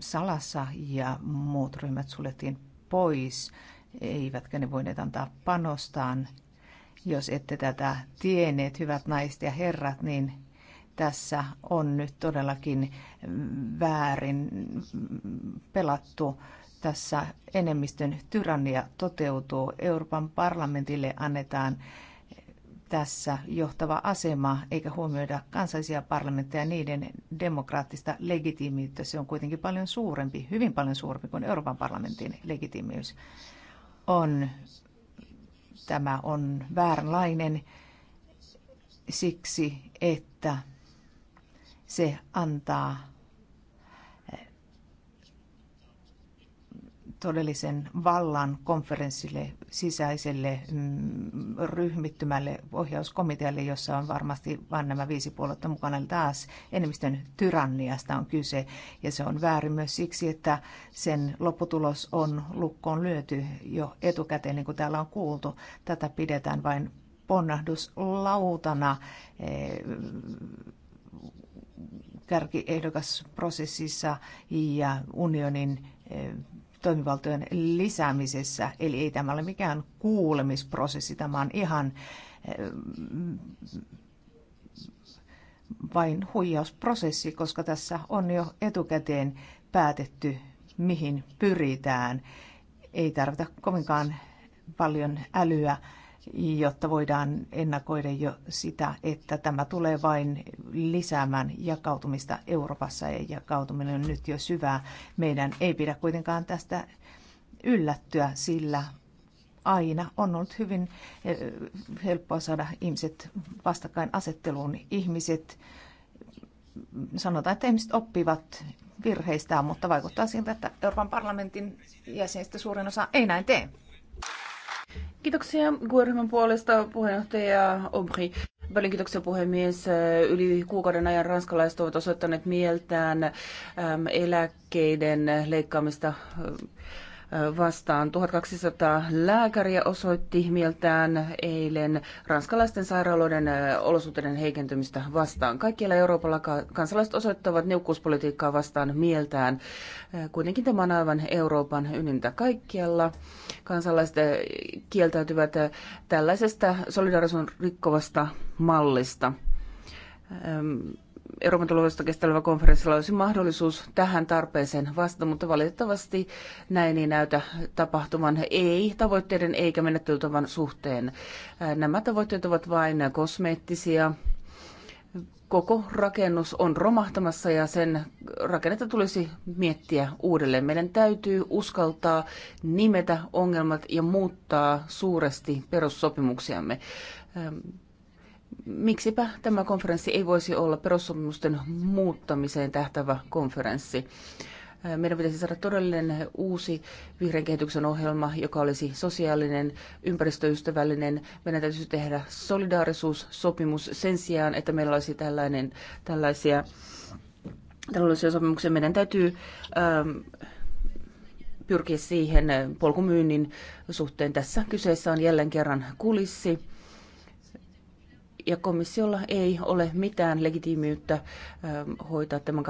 salassa ja muut ryhmät suljettiin pois, eivätkä ne voineet antaa panostaan. Jos ette tätä tienneet, hyvät naiset ja herrat, niin tässä on nyt todellakin väärin pelattu. Tässä enemmistön tyrannia toteutuu. Euroopan parlamentille annetaan tässä johtava asema, eikä huomioida kansallisia parlamentteja niiden demokraattista legitiimiyttä. Se on kuitenkin paljon suurempi, hyvin paljon suurempi kuin Euroopan parlamentin legitiimiys on. Tämä on vääränlainen siksi, että se antaa todellisen vallan konferenssille, sisäiselle mm, ryhmittymälle, ohjauskomitealle, jossa on varmasti vain nämä viisi puoluetta mukana. Eli taas enemmistön tyranniasta on kyse, ja se on väärin myös siksi, että sen lopputulos on lukkoon lyöty jo etukäteen, niin kuin täällä on kuultu. Tätä pidetään vain ponnahduslautana eh, kärkiehdokasprosessissa ja unionin eh, toimivaltojen lisäämisessä. Eli ei tämä ole mikään kuulemisprosessi, tämä on ihan eh, vain huijausprosessi, koska tässä on jo etukäteen päätetty, mihin pyritään. Ei tarvita kovinkaan paljon älyä jotta voidaan ennakoida jo sitä, että tämä tulee vain lisäämään jakautumista Euroopassa ja jakautuminen on nyt jo syvää. Meidän ei pidä kuitenkaan tästä yllättyä, sillä aina on ollut hyvin eh, helppoa saada ihmiset vastakkainasetteluun. Ihmiset, sanotaan, että ihmiset oppivat virheistään, mutta vaikuttaa siltä, että Euroopan parlamentin jäsenistä suurin osa ei näin tee. Kiitoksia Guerhman puolesta puheenjohtaja Omri. Paljon kiitoksia puhemies. Yli kuukauden ajan ranskalaiset ovat osoittaneet mieltään eläkkeiden leikkaamista vastaan. 1200 lääkäriä osoitti mieltään eilen ranskalaisten sairaaloiden olosuhteiden heikentymistä vastaan. Kaikkialla Euroopalla kansalaiset osoittavat niukkuuspolitiikkaa vastaan mieltään. Kuitenkin tämä on aivan Euroopan ynintä kaikkialla. Kansalaiset kieltäytyvät tällaisesta solidarisuuden rikkovasta mallista. Euroopan tulevaisuudesta kestävällä konferenssilla olisi mahdollisuus tähän tarpeeseen vastata, mutta valitettavasti näin ei näytä tapahtuman ei tavoitteiden eikä menettelytavan suhteen. Nämä tavoitteet ovat vain kosmeettisia. Koko rakennus on romahtamassa ja sen rakennetta tulisi miettiä uudelleen. Meidän täytyy uskaltaa nimetä ongelmat ja muuttaa suuresti perussopimuksiamme. Miksipä tämä konferenssi ei voisi olla perussopimusten muuttamiseen tähtävä konferenssi? Meidän pitäisi saada todellinen uusi vihreän kehityksen ohjelma, joka olisi sosiaalinen, ympäristöystävällinen. Meidän täytyisi tehdä solidaarisuussopimus sen sijaan, että meillä olisi tällainen, tällaisia taloudellisia sopimuksia. Meidän täytyy ähm, pyrkiä siihen polkumyynnin suhteen. Tässä kyseessä on jälleen kerran kulissi ja komissiolla ei ole mitään legitiimiyttä hoitaa tämän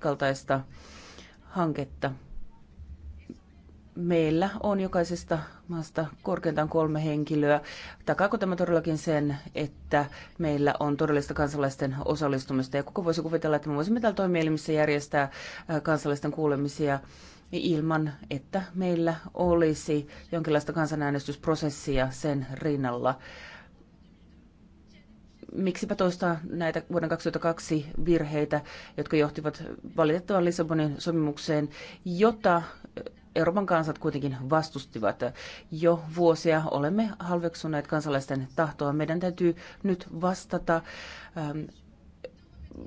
kaltaista hanketta. Meillä on jokaisesta maasta korkeintaan kolme henkilöä. Takaako tämä todellakin sen, että meillä on todellista kansalaisten osallistumista? Ja kuka voisi kuvitella, että me voisimme täällä toimielimissä järjestää kansalaisten kuulemisia ilman, että meillä olisi jonkinlaista kansanäänestysprosessia sen rinnalla miksipä toistaa näitä vuoden 2002 virheitä, jotka johtivat valitettavan Lissabonin sopimukseen, jota Euroopan kansat kuitenkin vastustivat. Jo vuosia olemme halveksuneet kansalaisten tahtoa. Meidän täytyy nyt vastata ähm,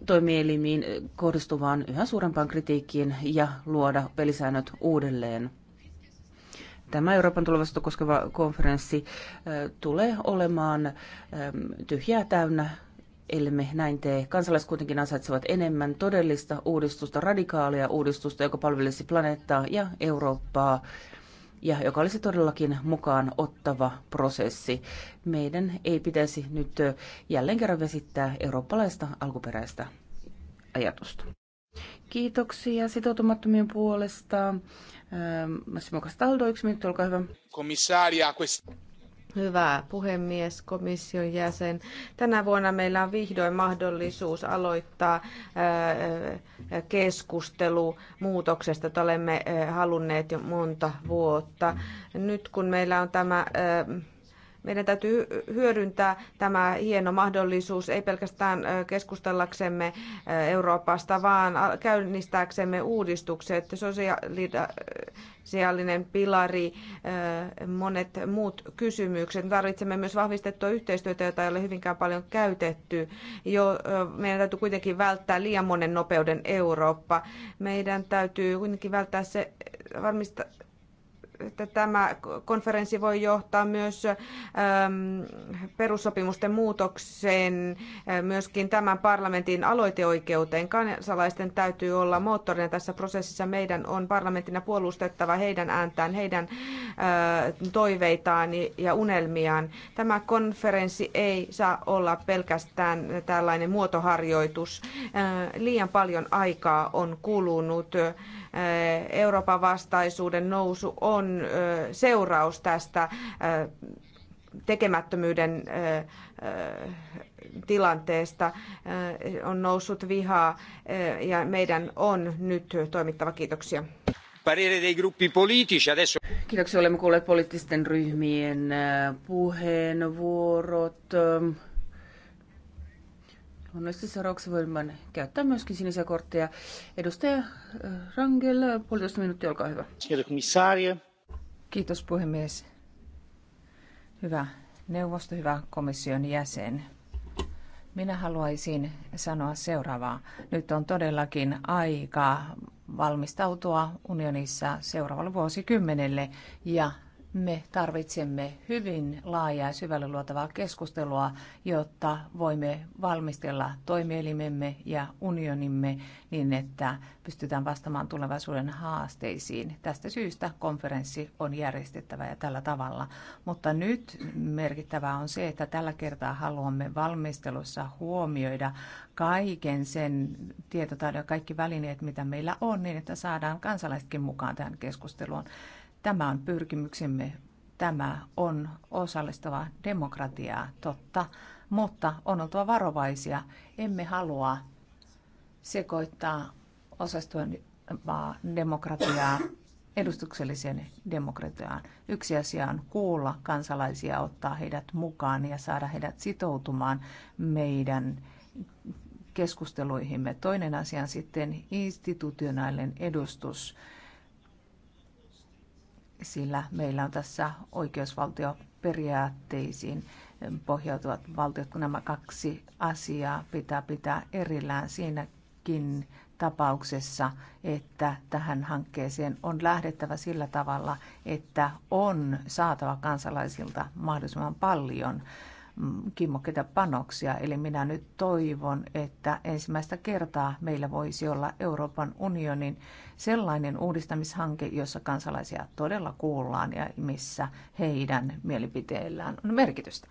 toimielimiin kohdistuvaan yhä suurempaan kritiikkiin ja luoda pelisäännöt uudelleen. Tämä Euroopan tulevaisuutta koskeva konferenssi tulee olemaan tyhjää täynnä, elme näin tee. Kansalaiset kuitenkin ansaitsevat enemmän todellista uudistusta, radikaalia uudistusta, joka palvelisi planeettaa ja Eurooppaa ja joka olisi todellakin mukaan ottava prosessi. Meidän ei pitäisi nyt jälleen kerran vesittää eurooppalaista alkuperäistä ajatusta. Kiitoksia sitoutumattomien puolesta. Ähm, Massimo Castaldo, yksi minuutti, olkaa hyvä. Komissaaria, Hyvä puhemies, komission jäsen. Tänä vuonna meillä on vihdoin mahdollisuus aloittaa äh, äh, keskustelu muutoksesta, jota olemme äh, halunneet jo monta vuotta. Nyt kun meillä on tämä meidän täytyy hyödyntää tämä hieno mahdollisuus, ei pelkästään keskustellaksemme Euroopasta, vaan käynnistääksemme uudistukset, sosiaalinen pilari, monet muut kysymykset. Tarvitsemme myös vahvistettua yhteistyötä, jota ei ole hyvinkään paljon käytetty. Jo, meidän täytyy kuitenkin välttää liian monen nopeuden Eurooppa. Meidän täytyy kuitenkin välttää se, varmistaa että tämä konferenssi voi johtaa myös ähm, perussopimusten muutokseen, äh, myöskin tämän parlamentin aloiteoikeuteen. Kansalaisten täytyy olla moottorina tässä prosessissa. Meidän on parlamentina puolustettava heidän ääntään, heidän äh, toiveitaan ja unelmiaan. Tämä konferenssi ei saa olla pelkästään tällainen muotoharjoitus. Äh, liian paljon aikaa on kulunut Euroopan vastaisuuden nousu on seuraus tästä tekemättömyyden tilanteesta on noussut vihaa ja meidän on nyt toimittava. Kiitoksia. Kiitoksia. Olemme kuulleet poliittisten ryhmien puheenvuorot. Luonnollisesti seuraavaksi voimme käyttää myöskin sinisiä kortteja. Edustaja äh, Rangel, puolitoista minuuttia, olkaa hyvä. Kiitos puhemies. Hyvä neuvosto, hyvä komission jäsen. Minä haluaisin sanoa seuraavaa. Nyt on todellakin aika valmistautua unionissa seuraavalle vuosikymmenelle ja me tarvitsemme hyvin laajaa ja syvälle luotavaa keskustelua, jotta voimme valmistella toimielimemme ja unionimme niin, että pystytään vastaamaan tulevaisuuden haasteisiin. Tästä syystä konferenssi on järjestettävä ja tällä tavalla. Mutta nyt merkittävää on se, että tällä kertaa haluamme valmistelussa huomioida kaiken sen tietotaidon ja kaikki välineet, mitä meillä on, niin että saadaan kansalaisetkin mukaan tähän keskusteluun. Tämä on pyrkimyksemme. Tämä on osallistava demokratiaa, totta, mutta on oltava varovaisia. Emme halua sekoittaa osallistuvaa demokratiaa edustukselliseen demokratiaan. Yksi asia on kuulla kansalaisia, ottaa heidät mukaan ja saada heidät sitoutumaan meidän keskusteluihimme. Toinen asia on sitten institutionaalinen edustus sillä meillä on tässä oikeusvaltioperiaatteisiin pohjautuvat valtiot, kun nämä kaksi asiaa pitää pitää erillään siinäkin tapauksessa, että tähän hankkeeseen on lähdettävä sillä tavalla, että on saatava kansalaisilta mahdollisimman paljon kimmokkeita panoksia. Eli minä nyt toivon, että ensimmäistä kertaa meillä voisi olla Euroopan unionin sellainen uudistamishanke, jossa kansalaisia todella kuullaan ja missä heidän mielipiteellään on merkitystä.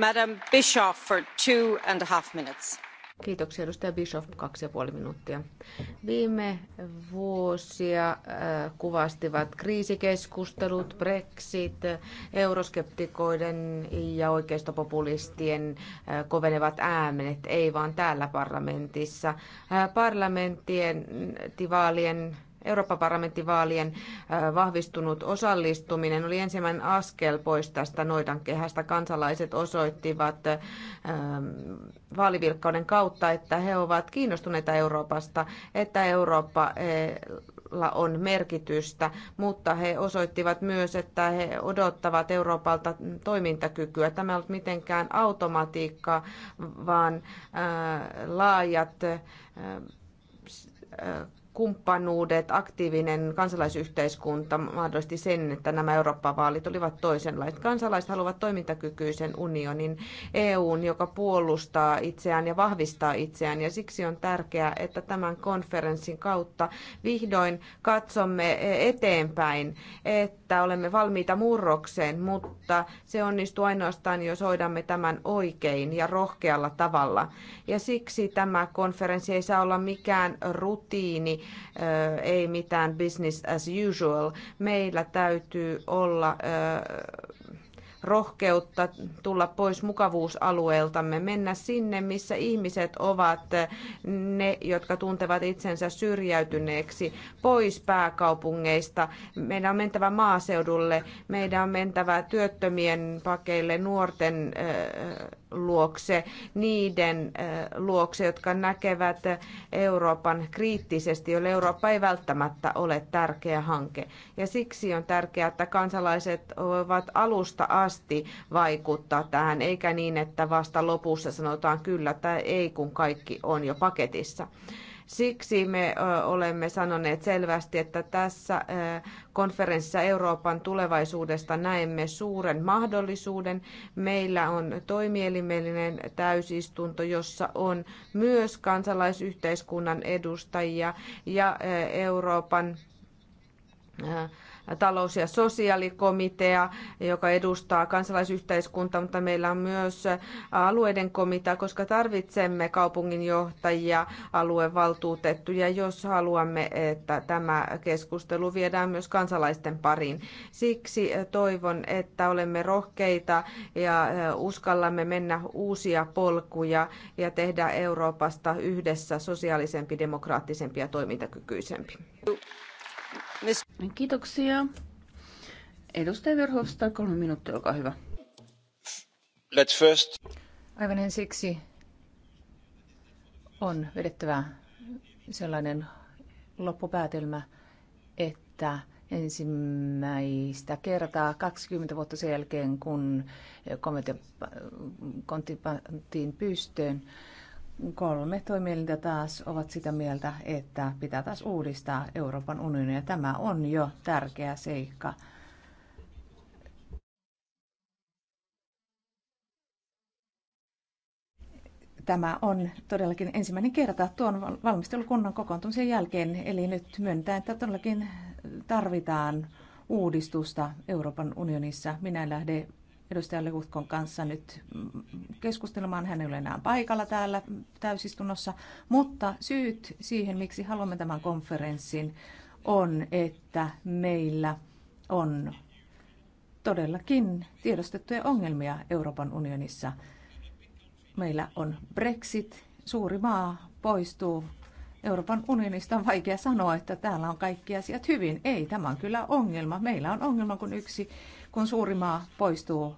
Madam Bischoff for two and a half minutes. Kiitoksia edustaja Bischoff, kaksi ja puoli minuuttia. Viime vuosia äh, kuvastivat kriisikeskustelut, Brexit, euroskeptikoiden ja oikeistopopulistien äh, kovenevat äämenet, ei vaan täällä parlamentissa. Äh, parlamenttien tivaalien mm, Euroopan vaalien vahvistunut osallistuminen oli ensimmäinen askel pois tästä noidankehästä. Kansalaiset osoittivat vaalivilkkauden kautta, että he ovat kiinnostuneita Euroopasta, että Eurooppa e, on merkitystä, mutta he osoittivat myös, että he odottavat Euroopalta toimintakykyä. Tämä ei ollut mitenkään automatiikka, vaan laajat kumppanuudet, aktiivinen kansalaisyhteiskunta mahdollisesti sen, että nämä Euroopan vaalit olivat toisenlaiset. Kansalaiset haluavat toimintakykyisen unionin, EUn, joka puolustaa itseään ja vahvistaa itseään. Ja siksi on tärkeää, että tämän konferenssin kautta vihdoin katsomme eteenpäin, että olemme valmiita murrokseen, mutta se onnistuu ainoastaan, jos hoidamme tämän oikein ja rohkealla tavalla. Ja siksi tämä konferenssi ei saa olla mikään rutiini, ei, ei mitään business as usual. Meillä täytyy olla rohkeutta tulla pois mukavuusalueeltamme, mennä sinne, missä ihmiset ovat ne, jotka tuntevat itsensä syrjäytyneeksi, pois pääkaupungeista. Meidän on mentävä maaseudulle, meidän on mentävä työttömien pakeille, nuorten äh, luokse, niiden luokse, jotka näkevät Euroopan kriittisesti, jolle Eurooppa ei välttämättä ole tärkeä hanke. Ja siksi on tärkeää, että kansalaiset voivat alusta asti vaikuttaa tähän, eikä niin, että vasta lopussa sanotaan kyllä tai ei, kun kaikki on jo paketissa. Siksi me olemme sanoneet selvästi, että tässä konferenssissa Euroopan tulevaisuudesta näemme suuren mahdollisuuden. Meillä on toimielimellinen täysistunto, jossa on myös kansalaisyhteiskunnan edustajia ja Euroopan talous- ja sosiaalikomitea, joka edustaa kansalaisyhteiskuntaa, mutta meillä on myös alueiden komitea, koska tarvitsemme kaupunginjohtajia, aluevaltuutettuja, jos haluamme, että tämä keskustelu viedään myös kansalaisten pariin. Siksi toivon, että olemme rohkeita ja uskallamme mennä uusia polkuja ja tehdä Euroopasta yhdessä sosiaalisempi, demokraattisempi ja toimintakykyisempi. Kiitoksia. Edustaja Verhofstadt, kolme minuuttia, olkaa hyvä. Let's first. Aivan ensiksi on vedettävä sellainen loppupäätelmä, että ensimmäistä kertaa 20 vuotta sen jälkeen, kun kontti pantiin pystyyn, kolme toimielintä taas ovat sitä mieltä, että pitää taas uudistaa Euroopan unionia. Tämä on jo tärkeä seikka. Tämä on todellakin ensimmäinen kerta tuon valmistelukunnan kokoontumisen jälkeen, eli nyt myöntää, että todellakin tarvitaan uudistusta Euroopan unionissa. Minä en lähde edustaja Lehutkon kanssa nyt mm, keskustelemaan. Hän ei ole enää paikalla täällä täysistunnossa, mutta syyt siihen, miksi haluamme tämän konferenssin, on, että meillä on todellakin tiedostettuja ongelmia Euroopan unionissa. Meillä on Brexit, suuri maa poistuu Euroopan unionista on vaikea sanoa, että täällä on kaikki asiat hyvin. Ei, tämä on kyllä ongelma. Meillä on ongelma, kun yksi kun suuri maa poistuu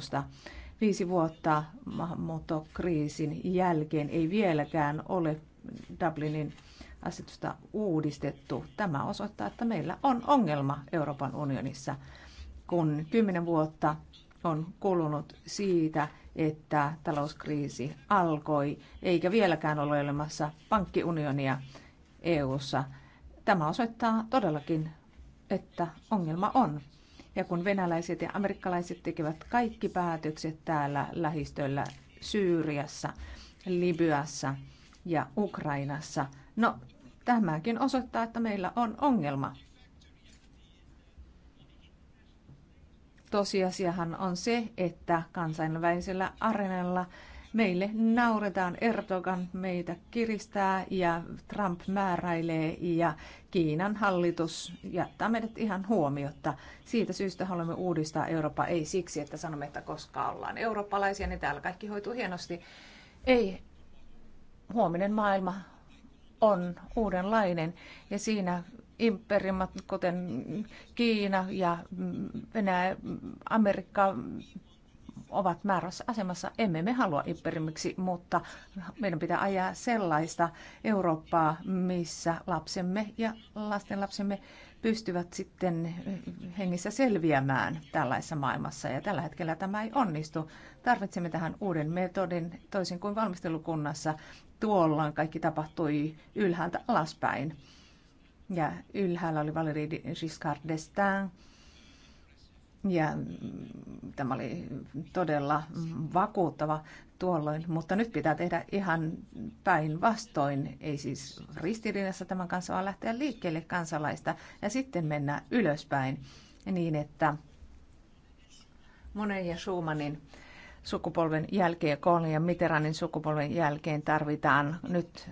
sta Viisi vuotta maahanmuuttokriisin jälkeen ei vieläkään ole Dublinin asetusta uudistettu. Tämä osoittaa, että meillä on ongelma Euroopan unionissa, kun kymmenen vuotta on kulunut siitä, että talouskriisi alkoi, eikä vieläkään ole olemassa pankkiunionia EU:ssa. Tämä osoittaa todellakin, että ongelma on. Ja kun venäläiset ja amerikkalaiset tekevät kaikki päätökset täällä lähistöllä, Syyriassa, Libyassa ja Ukrainassa, no tämäkin osoittaa, että meillä on ongelma. Tosiasiahan on se, että kansainvälisellä areenalla Meille nauretaan, Erdogan meitä kiristää ja Trump määräilee ja Kiinan hallitus jättää meidät ihan huomiotta. Siitä syystä haluamme uudistaa Eurooppa ei siksi, että sanomme, että koska ollaan eurooppalaisia, niin täällä kaikki hoituu hienosti. Ei, huominen maailma on uudenlainen ja siinä imperiumat, kuten Kiina ja Venäjä, Amerikka, ovat määrässä asemassa. Emme me halua imperiumiksi, mutta meidän pitää ajaa sellaista Eurooppaa, missä lapsemme ja lastenlapsemme pystyvät sitten hengissä selviämään tällaisessa maailmassa. Ja tällä hetkellä tämä ei onnistu. Tarvitsemme tähän uuden metodin, toisin kuin valmistelukunnassa. Tuollaan kaikki tapahtui ylhäältä alaspäin. Ja ylhäällä oli Valérie Giscard d'Estaing, ja tämä oli todella vakuuttava tuolloin, mutta nyt pitää tehdä ihan päinvastoin, ei siis ristiriidassa tämän kanssa, vaan lähteä liikkeelle kansalaista ja sitten mennä ylöspäin niin, että Monen ja Schumannin sukupolven jälkeen ja ja Mitterrandin sukupolven jälkeen tarvitaan nyt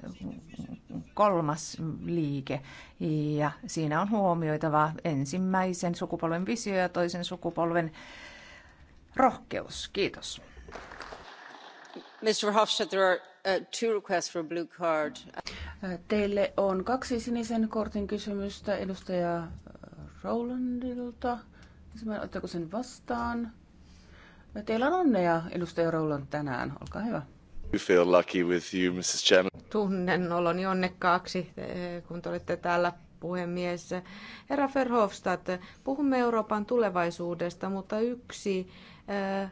kolmas liike. Ja siinä on huomioitava ensimmäisen sukupolven visio ja toisen sukupolven rohkeus. Kiitos. Mr. there are uh, two requests for blue card. Uh, teille on kaksi sinisen kortin kysymystä edustaja uh, Rolandilta. Ensimmäinen, ottako sen vastaan? Teillä on onnea, edustaja Roulon, tänään. Olkaa hyvä. You feel lucky with you, Mrs. Chairman. Tunnen oloni onnekkaaksi, eh, kun te olette täällä puhemies. Herra Verhofstadt, puhumme Euroopan tulevaisuudesta, mutta yksi eh, eh,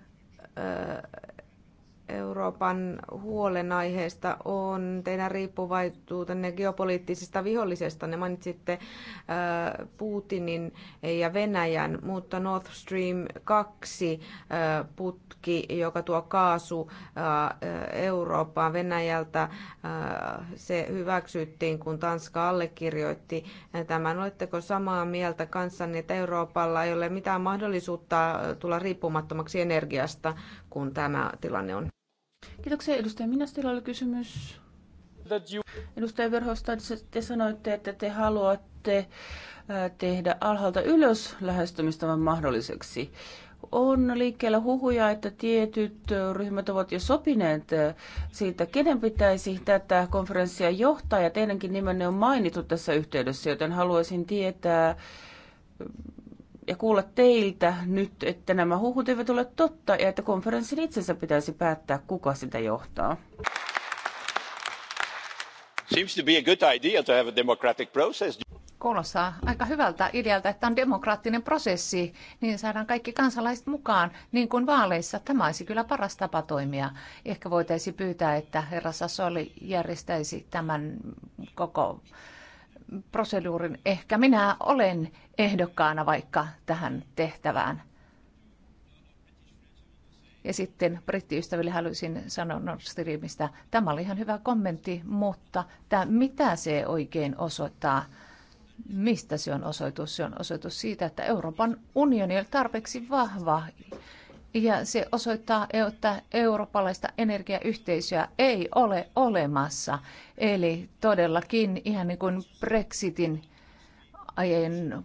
Euroopan huolenaiheesta on teidän riippuvaisuutenne geopoliittisista vihollisesta. Ne mainitsitte äh, Putinin ja Venäjän, mutta Nord Stream 2 äh, putki, joka tuo kaasu äh, Eurooppaan Venäjältä, se hyväksyttiin, kun Tanska allekirjoitti tämän. Oletteko samaa mieltä kanssanne, että Euroopalla ei ole mitään mahdollisuutta tulla riippumattomaksi energiasta, kun tämä tilanne on? Kiitoksia edustaja Minastilla oli kysymys. Edustaja verhoista, te sanoitte, että te haluatte tehdä alhaalta ylös lähestymistavan mahdolliseksi. On liikkeellä huhuja, että tietyt ryhmät ovat jo sopineet siitä, kenen pitäisi tätä konferenssia johtaa, ja teidänkin nimenne on mainittu tässä yhteydessä, joten haluaisin tietää, ja kuulla teiltä nyt, että nämä huhut eivät ole totta ja että konferenssin itsensä pitäisi päättää, kuka sitä johtaa. Seems to be a good idea to have a democratic process. Kuulostaa aika hyvältä idealta, että on demokraattinen prosessi, niin saadaan kaikki kansalaiset mukaan, niin kuin vaaleissa. Tämä olisi kyllä paras tapa toimia. Ehkä voitaisiin pyytää, että herra Sassoli järjestäisi tämän koko proseduurin. Ehkä minä olen ehdokkaana vaikka tähän tehtävään. Ja sitten brittiystäville haluaisin sanoa Nord Streamista. Tämä oli ihan hyvä kommentti, mutta tämä, mitä se oikein osoittaa? Mistä se on osoitus? Se on osoitus siitä, että Euroopan unioni on tarpeeksi vahva ja se osoittaa, että eurooppalaista energiayhteisöä ei ole olemassa. Eli todellakin ihan niin kuin Brexitin ajan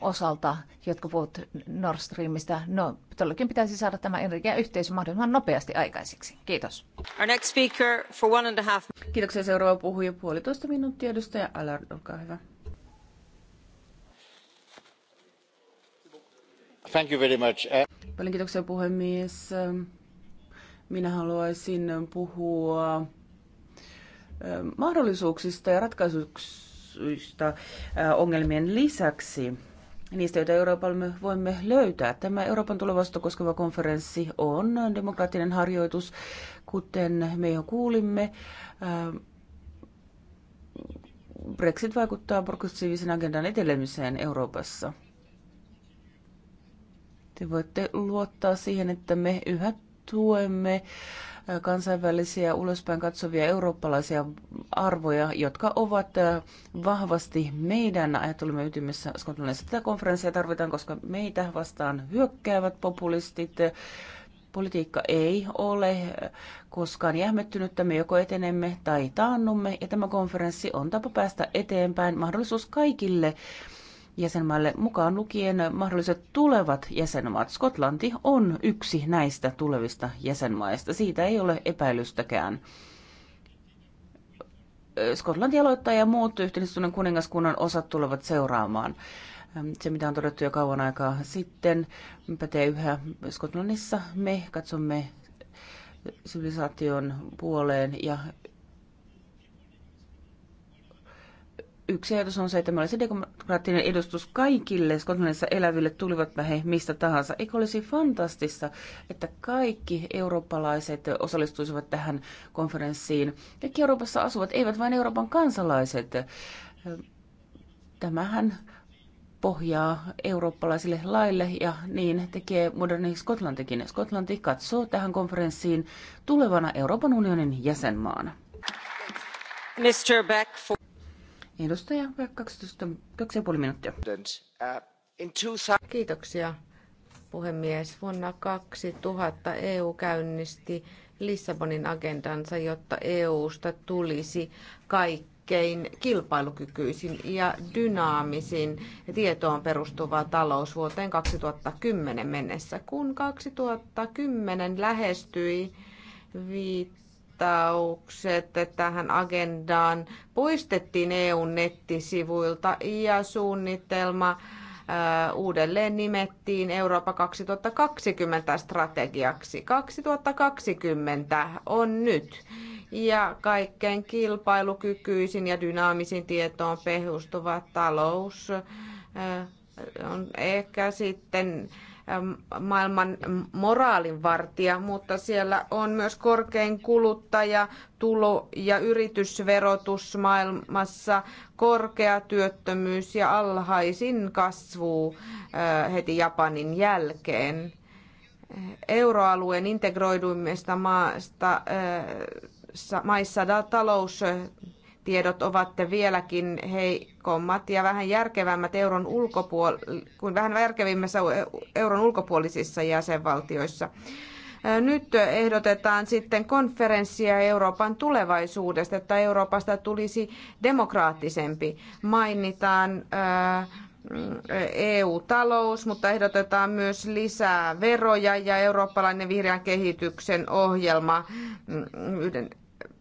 osalta, jotka puhut Nord Streamista, no todellakin pitäisi saada tämä energiayhteisö mahdollisimman nopeasti aikaiseksi. Kiitos. Our next speaker for one and a half. Kiitoksia seuraava puhuja puolitoista minuuttia. Edustaja Allard, olkaa hyvä. Thank you very much. Uh, Paljon kiitoksia puhemies. Minä haluaisin puhua eh, mahdollisuuksista ja ratkaisuista eh, ongelmien lisäksi. Niistä, joita Euroopan me voimme löytää. Tämä Euroopan tulevaisuutta koskeva konferenssi on demokraattinen harjoitus, kuten me jo kuulimme. Eh, Brexit vaikuttaa progressiivisen agendan etelemiseen Euroopassa. Te voitte luottaa siihen, että me yhä tuemme kansainvälisiä ulospäin katsovia eurooppalaisia arvoja, jotka ovat vahvasti meidän ajattelumme ytimessä Skotlannin Tätä konferenssia tarvitaan, koska meitä vastaan hyökkäävät populistit. Politiikka ei ole koskaan että me joko etenemme tai taannumme, ja tämä konferenssi on tapa päästä eteenpäin, mahdollisuus kaikille jäsenmaille, mukaan lukien mahdolliset tulevat jäsenmaat. Skotlanti on yksi näistä tulevista jäsenmaista. Siitä ei ole epäilystäkään. Skotlanti aloittaa ja muut yhteiskunnan kuningaskunnan osat tulevat seuraamaan. Se, mitä on todettu jo kauan aikaa sitten, pätee yhä Skotlannissa. Me katsomme sivilisaation puoleen ja Yksi ajatus on se, että meillä olisi demokraattinen edustus kaikille Skotlannissa eläville, tulivat he mistä tahansa. Eikö olisi fantastista, että kaikki eurooppalaiset osallistuisivat tähän konferenssiin? Kaikki Euroopassa asuvat, eivät vain Euroopan kansalaiset. Tämähän pohjaa eurooppalaisille laille ja niin tekee moderni Skotlantikin. Skotlanti katsoo tähän konferenssiin tulevana Euroopan unionin jäsenmaana. Mr. Beck for... Edustaja, 12, 2,5 minuuttia. Uh, Kiitoksia, puhemies. Vuonna 2000 EU käynnisti Lissabonin agendansa, jotta EUsta tulisi kaikkein kilpailukykyisin ja dynaamisin tietoon perustuva talous vuoteen 2010 mennessä. Kun 2010 lähestyi, viit vastaukset tähän agendaan poistettiin EUn nettisivuilta ja suunnitelma uudelleen nimettiin Eurooppa 2020 strategiaksi. 2020 on nyt ja kaikkein kilpailukykyisin ja dynaamisin tietoon pehustuva talous on ehkä sitten Ähm, maailman moraalin vartija, mutta siellä on myös korkein kuluttaja, tulo- ja yritysverotus maailmassa, korkea työttömyys ja alhaisin kasvu äh, heti Japanin jälkeen. Euroalueen integroiduimmista maista, äh, maissa talous tiedot ovat vieläkin heikommat ja vähän järkevämmät euron ulkopuol- kuin vähän järkevimmissä euron ulkopuolisissa jäsenvaltioissa. Nyt ehdotetaan sitten konferenssia Euroopan tulevaisuudesta, että Euroopasta tulisi demokraattisempi. Mainitaan EU-talous, mutta ehdotetaan myös lisää veroja ja eurooppalainen vihreän kehityksen ohjelma mm, yhden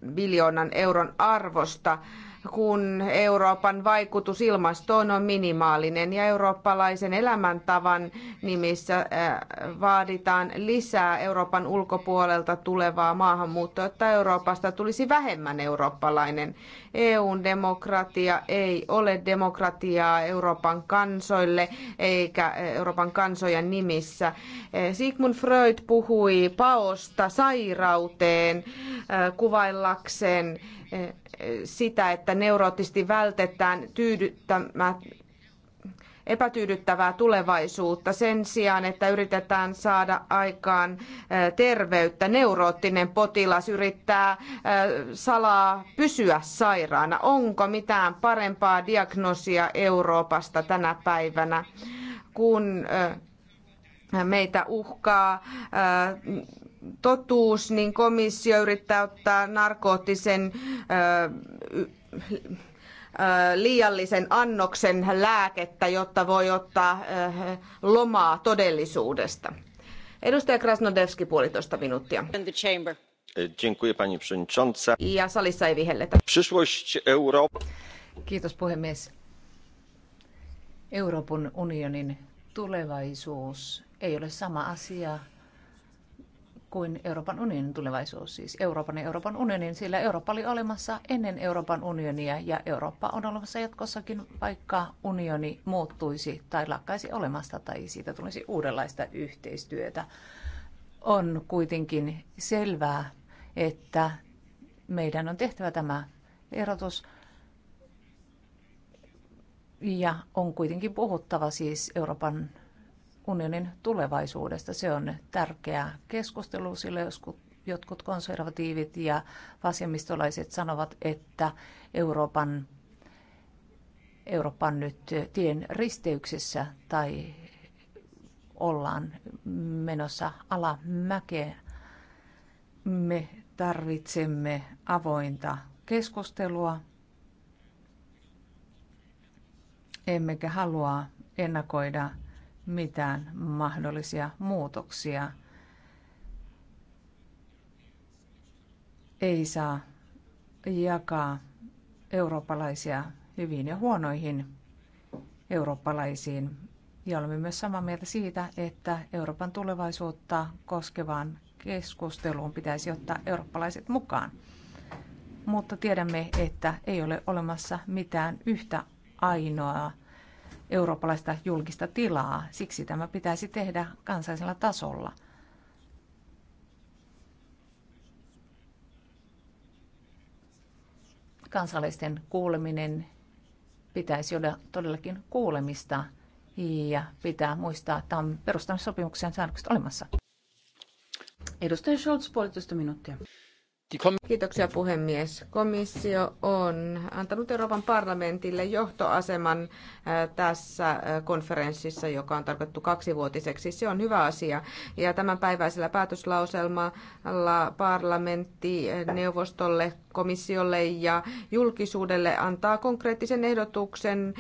miljoonan euron arvosta kun Euroopan vaikutus ilmastoon on minimaalinen ja eurooppalaisen elämäntavan nimissä äh, vaaditaan lisää Euroopan ulkopuolelta tulevaa maahanmuuttoa, jotta Euroopasta tulisi vähemmän eurooppalainen. EUn demokratia ei ole demokratiaa Euroopan kansoille eikä Euroopan kansojen nimissä. Äh, Sigmund Freud puhui paosta sairauteen äh, kuvaillakseen sitä, että neuroottisesti vältetään epätyydyttävää tulevaisuutta sen sijaan, että yritetään saada aikaan terveyttä. Neuroottinen potilas yrittää salaa pysyä sairaana. Onko mitään parempaa diagnoosia Euroopasta tänä päivänä, kun meitä uhkaa totuus, niin komissio yrittää ottaa narkoottisen liiallisen annoksen lääkettä, jotta voi ottaa lomaa todellisuudesta. Edustaja Krasnodevski, puolitoista minuuttia. E, ja salissa ei vihelletä. Kiitos puhemies. Euroopan unionin tulevaisuus ei ole sama asia kuin Euroopan unionin tulevaisuus, siis Euroopan ja Euroopan unionin, sillä Eurooppa oli olemassa ennen Euroopan unionia ja Eurooppa on olemassa jatkossakin, vaikka unioni muuttuisi tai lakkaisi olemasta tai siitä tulisi uudenlaista yhteistyötä. On kuitenkin selvää, että meidän on tehtävä tämä erotus ja on kuitenkin puhuttava siis Euroopan unionin tulevaisuudesta. Se on tärkeä keskustelu, sillä jotkut konservatiivit ja vasemmistolaiset sanovat, että Euroopan, Euroopan nyt tien risteyksessä tai ollaan menossa alamäkeä. Me tarvitsemme avointa keskustelua, emmekä halua ennakoida – mitään mahdollisia muutoksia. Ei saa jakaa eurooppalaisia hyvin ja huonoihin eurooppalaisiin. Ja olemme myös samaa mieltä siitä, että Euroopan tulevaisuutta koskevaan keskusteluun pitäisi ottaa eurooppalaiset mukaan. Mutta tiedämme, että ei ole olemassa mitään yhtä ainoaa eurooppalaista julkista tilaa. Siksi tämä pitäisi tehdä kansallisella tasolla. Kansalaisten kuuleminen pitäisi olla todellakin kuulemista ja pitää muistaa, että on perustamissopimuksen säännökset olemassa. Edustaja Scholz, puolitoista minuuttia. Kiitoksia puhemies. Komissio on antanut Euroopan parlamentille johtoaseman äh, tässä äh, konferenssissa, joka on tarkoitettu kaksivuotiseksi. Se on hyvä asia. Ja tämän päiväisellä päätöslauselmalla parlamentti äh, neuvostolle, komissiolle ja julkisuudelle antaa konkreettisen ehdotuksen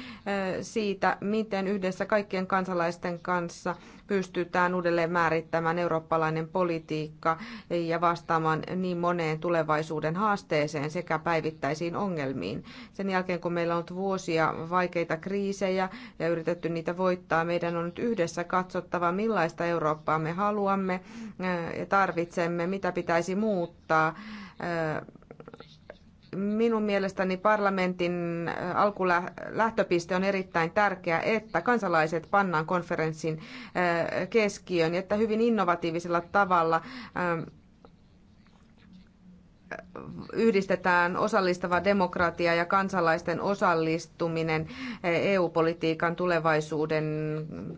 siitä, miten yhdessä kaikkien kansalaisten kanssa pystytään uudelleen määrittämään eurooppalainen politiikka ja vastaamaan niin moneen tulevaisuuteen tulevaisuuden haasteeseen sekä päivittäisiin ongelmiin. Sen jälkeen, kun meillä on ollut vuosia vaikeita kriisejä ja yritetty niitä voittaa, meidän on nyt yhdessä katsottava, millaista Eurooppaa me haluamme äh, ja tarvitsemme, mitä pitäisi muuttaa äh, minun mielestäni parlamentin äh, alkulähtöpiste on erittäin tärkeä, että kansalaiset pannaan konferenssin keskiöön, että hyvin innovatiivisella tavalla yhdistetään osallistava demokratia ja kansalaisten osallistuminen eh, EU-politiikan tulevaisuuden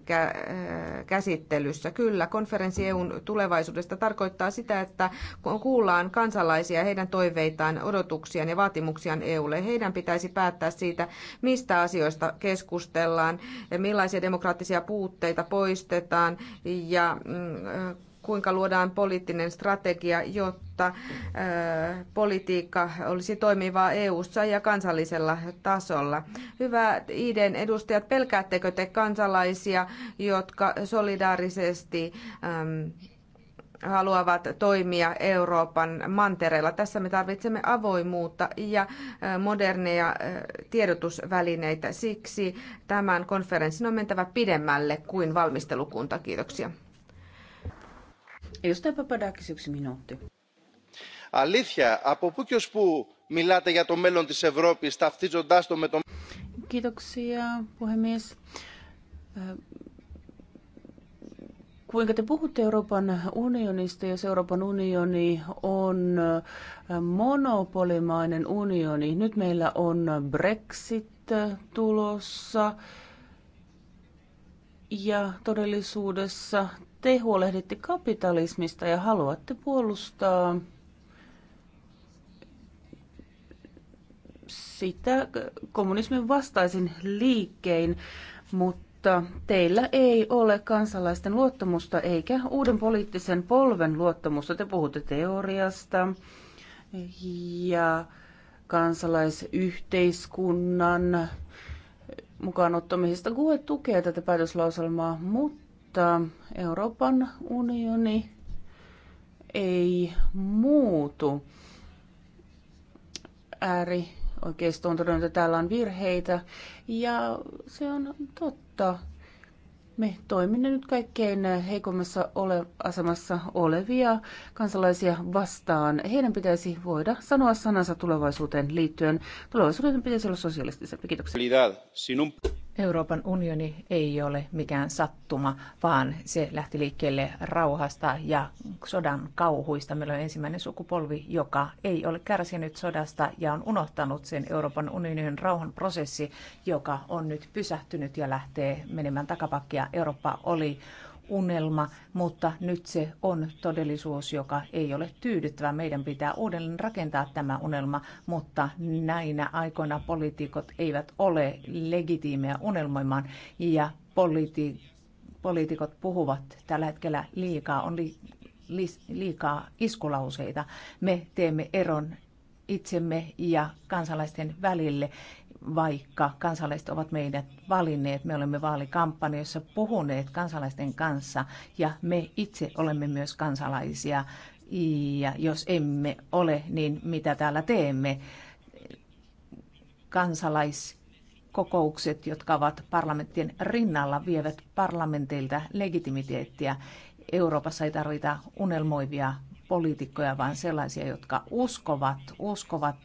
eh, käsittelyssä. Kyllä, konferenssi EUn tulevaisuudesta tarkoittaa sitä, että kuullaan kansalaisia, heidän toiveitaan, odotuksiaan ja vaatimuksiaan EUlle. Heidän pitäisi päättää siitä, mistä asioista keskustellaan, eh, millaisia demokraattisia puutteita poistetaan ja mm, kuinka luodaan poliittinen strategia, jotta politiikka olisi toimivaa EU-ssa ja kansallisella tasolla. Hyvä IDEN edustajat, pelkäättekö te kansalaisia, jotka solidaarisesti haluavat toimia Euroopan mantereella. Tässä me tarvitsemme avoimuutta ja moderneja tiedotusvälineitä. Siksi tämän konferenssin on mentävä pidemmälle kuin valmistelukunta. Kiitoksia. Edustaja Papadakis, yksi minuutti. Αλήθεια, από πού και ως πού μιλάτε για το μέλλον της Ευρώπης, ταυτίζοντάς το με το... Kiitoksia, puhemies. Kuinka te puhutte Euroopan unionista, jos Euroopan unioni on monopolimainen unioni? Nyt meillä on Brexit tulossa ja todellisuudessa te huolehditte kapitalismista ja haluatte puolustaa sitä kommunismin vastaisin liikkein, mutta teillä ei ole kansalaisten luottamusta eikä uuden poliittisen polven luottamusta. Te puhutte teoriasta ja kansalaisyhteiskunnan mukaan ottamisesta. GUE tukee tätä päätöslauselmaa, mutta Euroopan unioni ei muutu. Ääri oikeisto on todennut, että täällä on virheitä ja se on totta me toimimme nyt kaikkein heikommassa ole, asemassa olevia kansalaisia vastaan. Heidän pitäisi voida sanoa sanansa tulevaisuuteen liittyen. Tulevaisuuden pitäisi olla sosialistisempi. Kiitoksia. Euroopan unioni ei ole mikään sattuma, vaan se lähti liikkeelle rauhasta ja sodan kauhuista. Meillä on ensimmäinen sukupolvi, joka ei ole kärsinyt sodasta ja on unohtanut sen Euroopan unionin rauhanprosessi, joka on nyt pysähtynyt ja lähtee menemään takapakkia. Eurooppa oli unelma, mutta nyt se on todellisuus, joka ei ole tyydyttävä. Meidän pitää uudelleen rakentaa tämä unelma, mutta näinä aikoina poliitikot eivät ole legitiimejä unelmoimaan ja politi- poliitikot puhuvat tällä hetkellä liikaa, on li- li- liikaa iskulauseita. Me teemme eron itsemme ja kansalaisten välille vaikka kansalaiset ovat meidät valinneet, me olemme vaalikampanjoissa puhuneet kansalaisten kanssa ja me itse olemme myös kansalaisia. Ja jos emme ole, niin mitä täällä teemme? Kansalaiskokoukset, jotka ovat parlamenttien rinnalla, vievät parlamenteilta legitimiteettiä. Euroopassa ei tarvita unelmoivia poliitikkoja, vaan sellaisia, jotka uskovat, uskovat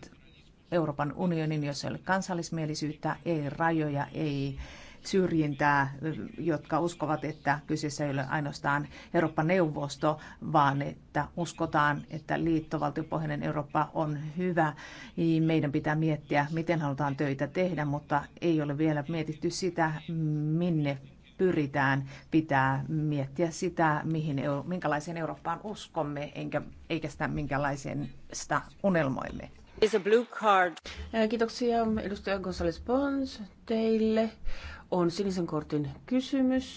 Euroopan unionin, jossa ei ole kansallismielisyyttä, ei rajoja, ei syrjintää, jotka uskovat, että kyseessä ei ole ainoastaan Euroopan neuvosto, vaan että uskotaan, että liittovaltiopohjainen Eurooppa on hyvä. Meidän pitää miettiä, miten halutaan töitä tehdä, mutta ei ole vielä mietitty sitä, minne pyritään, pitää miettiä sitä, mihin, minkälaiseen Eurooppaan uskomme, enkä, eikä sitä, minkälaiseen sitä unelmoimme. Is a blue card. Kiitoksia edustaja Gonzales Pons teille. On sinisen kortin kysymys.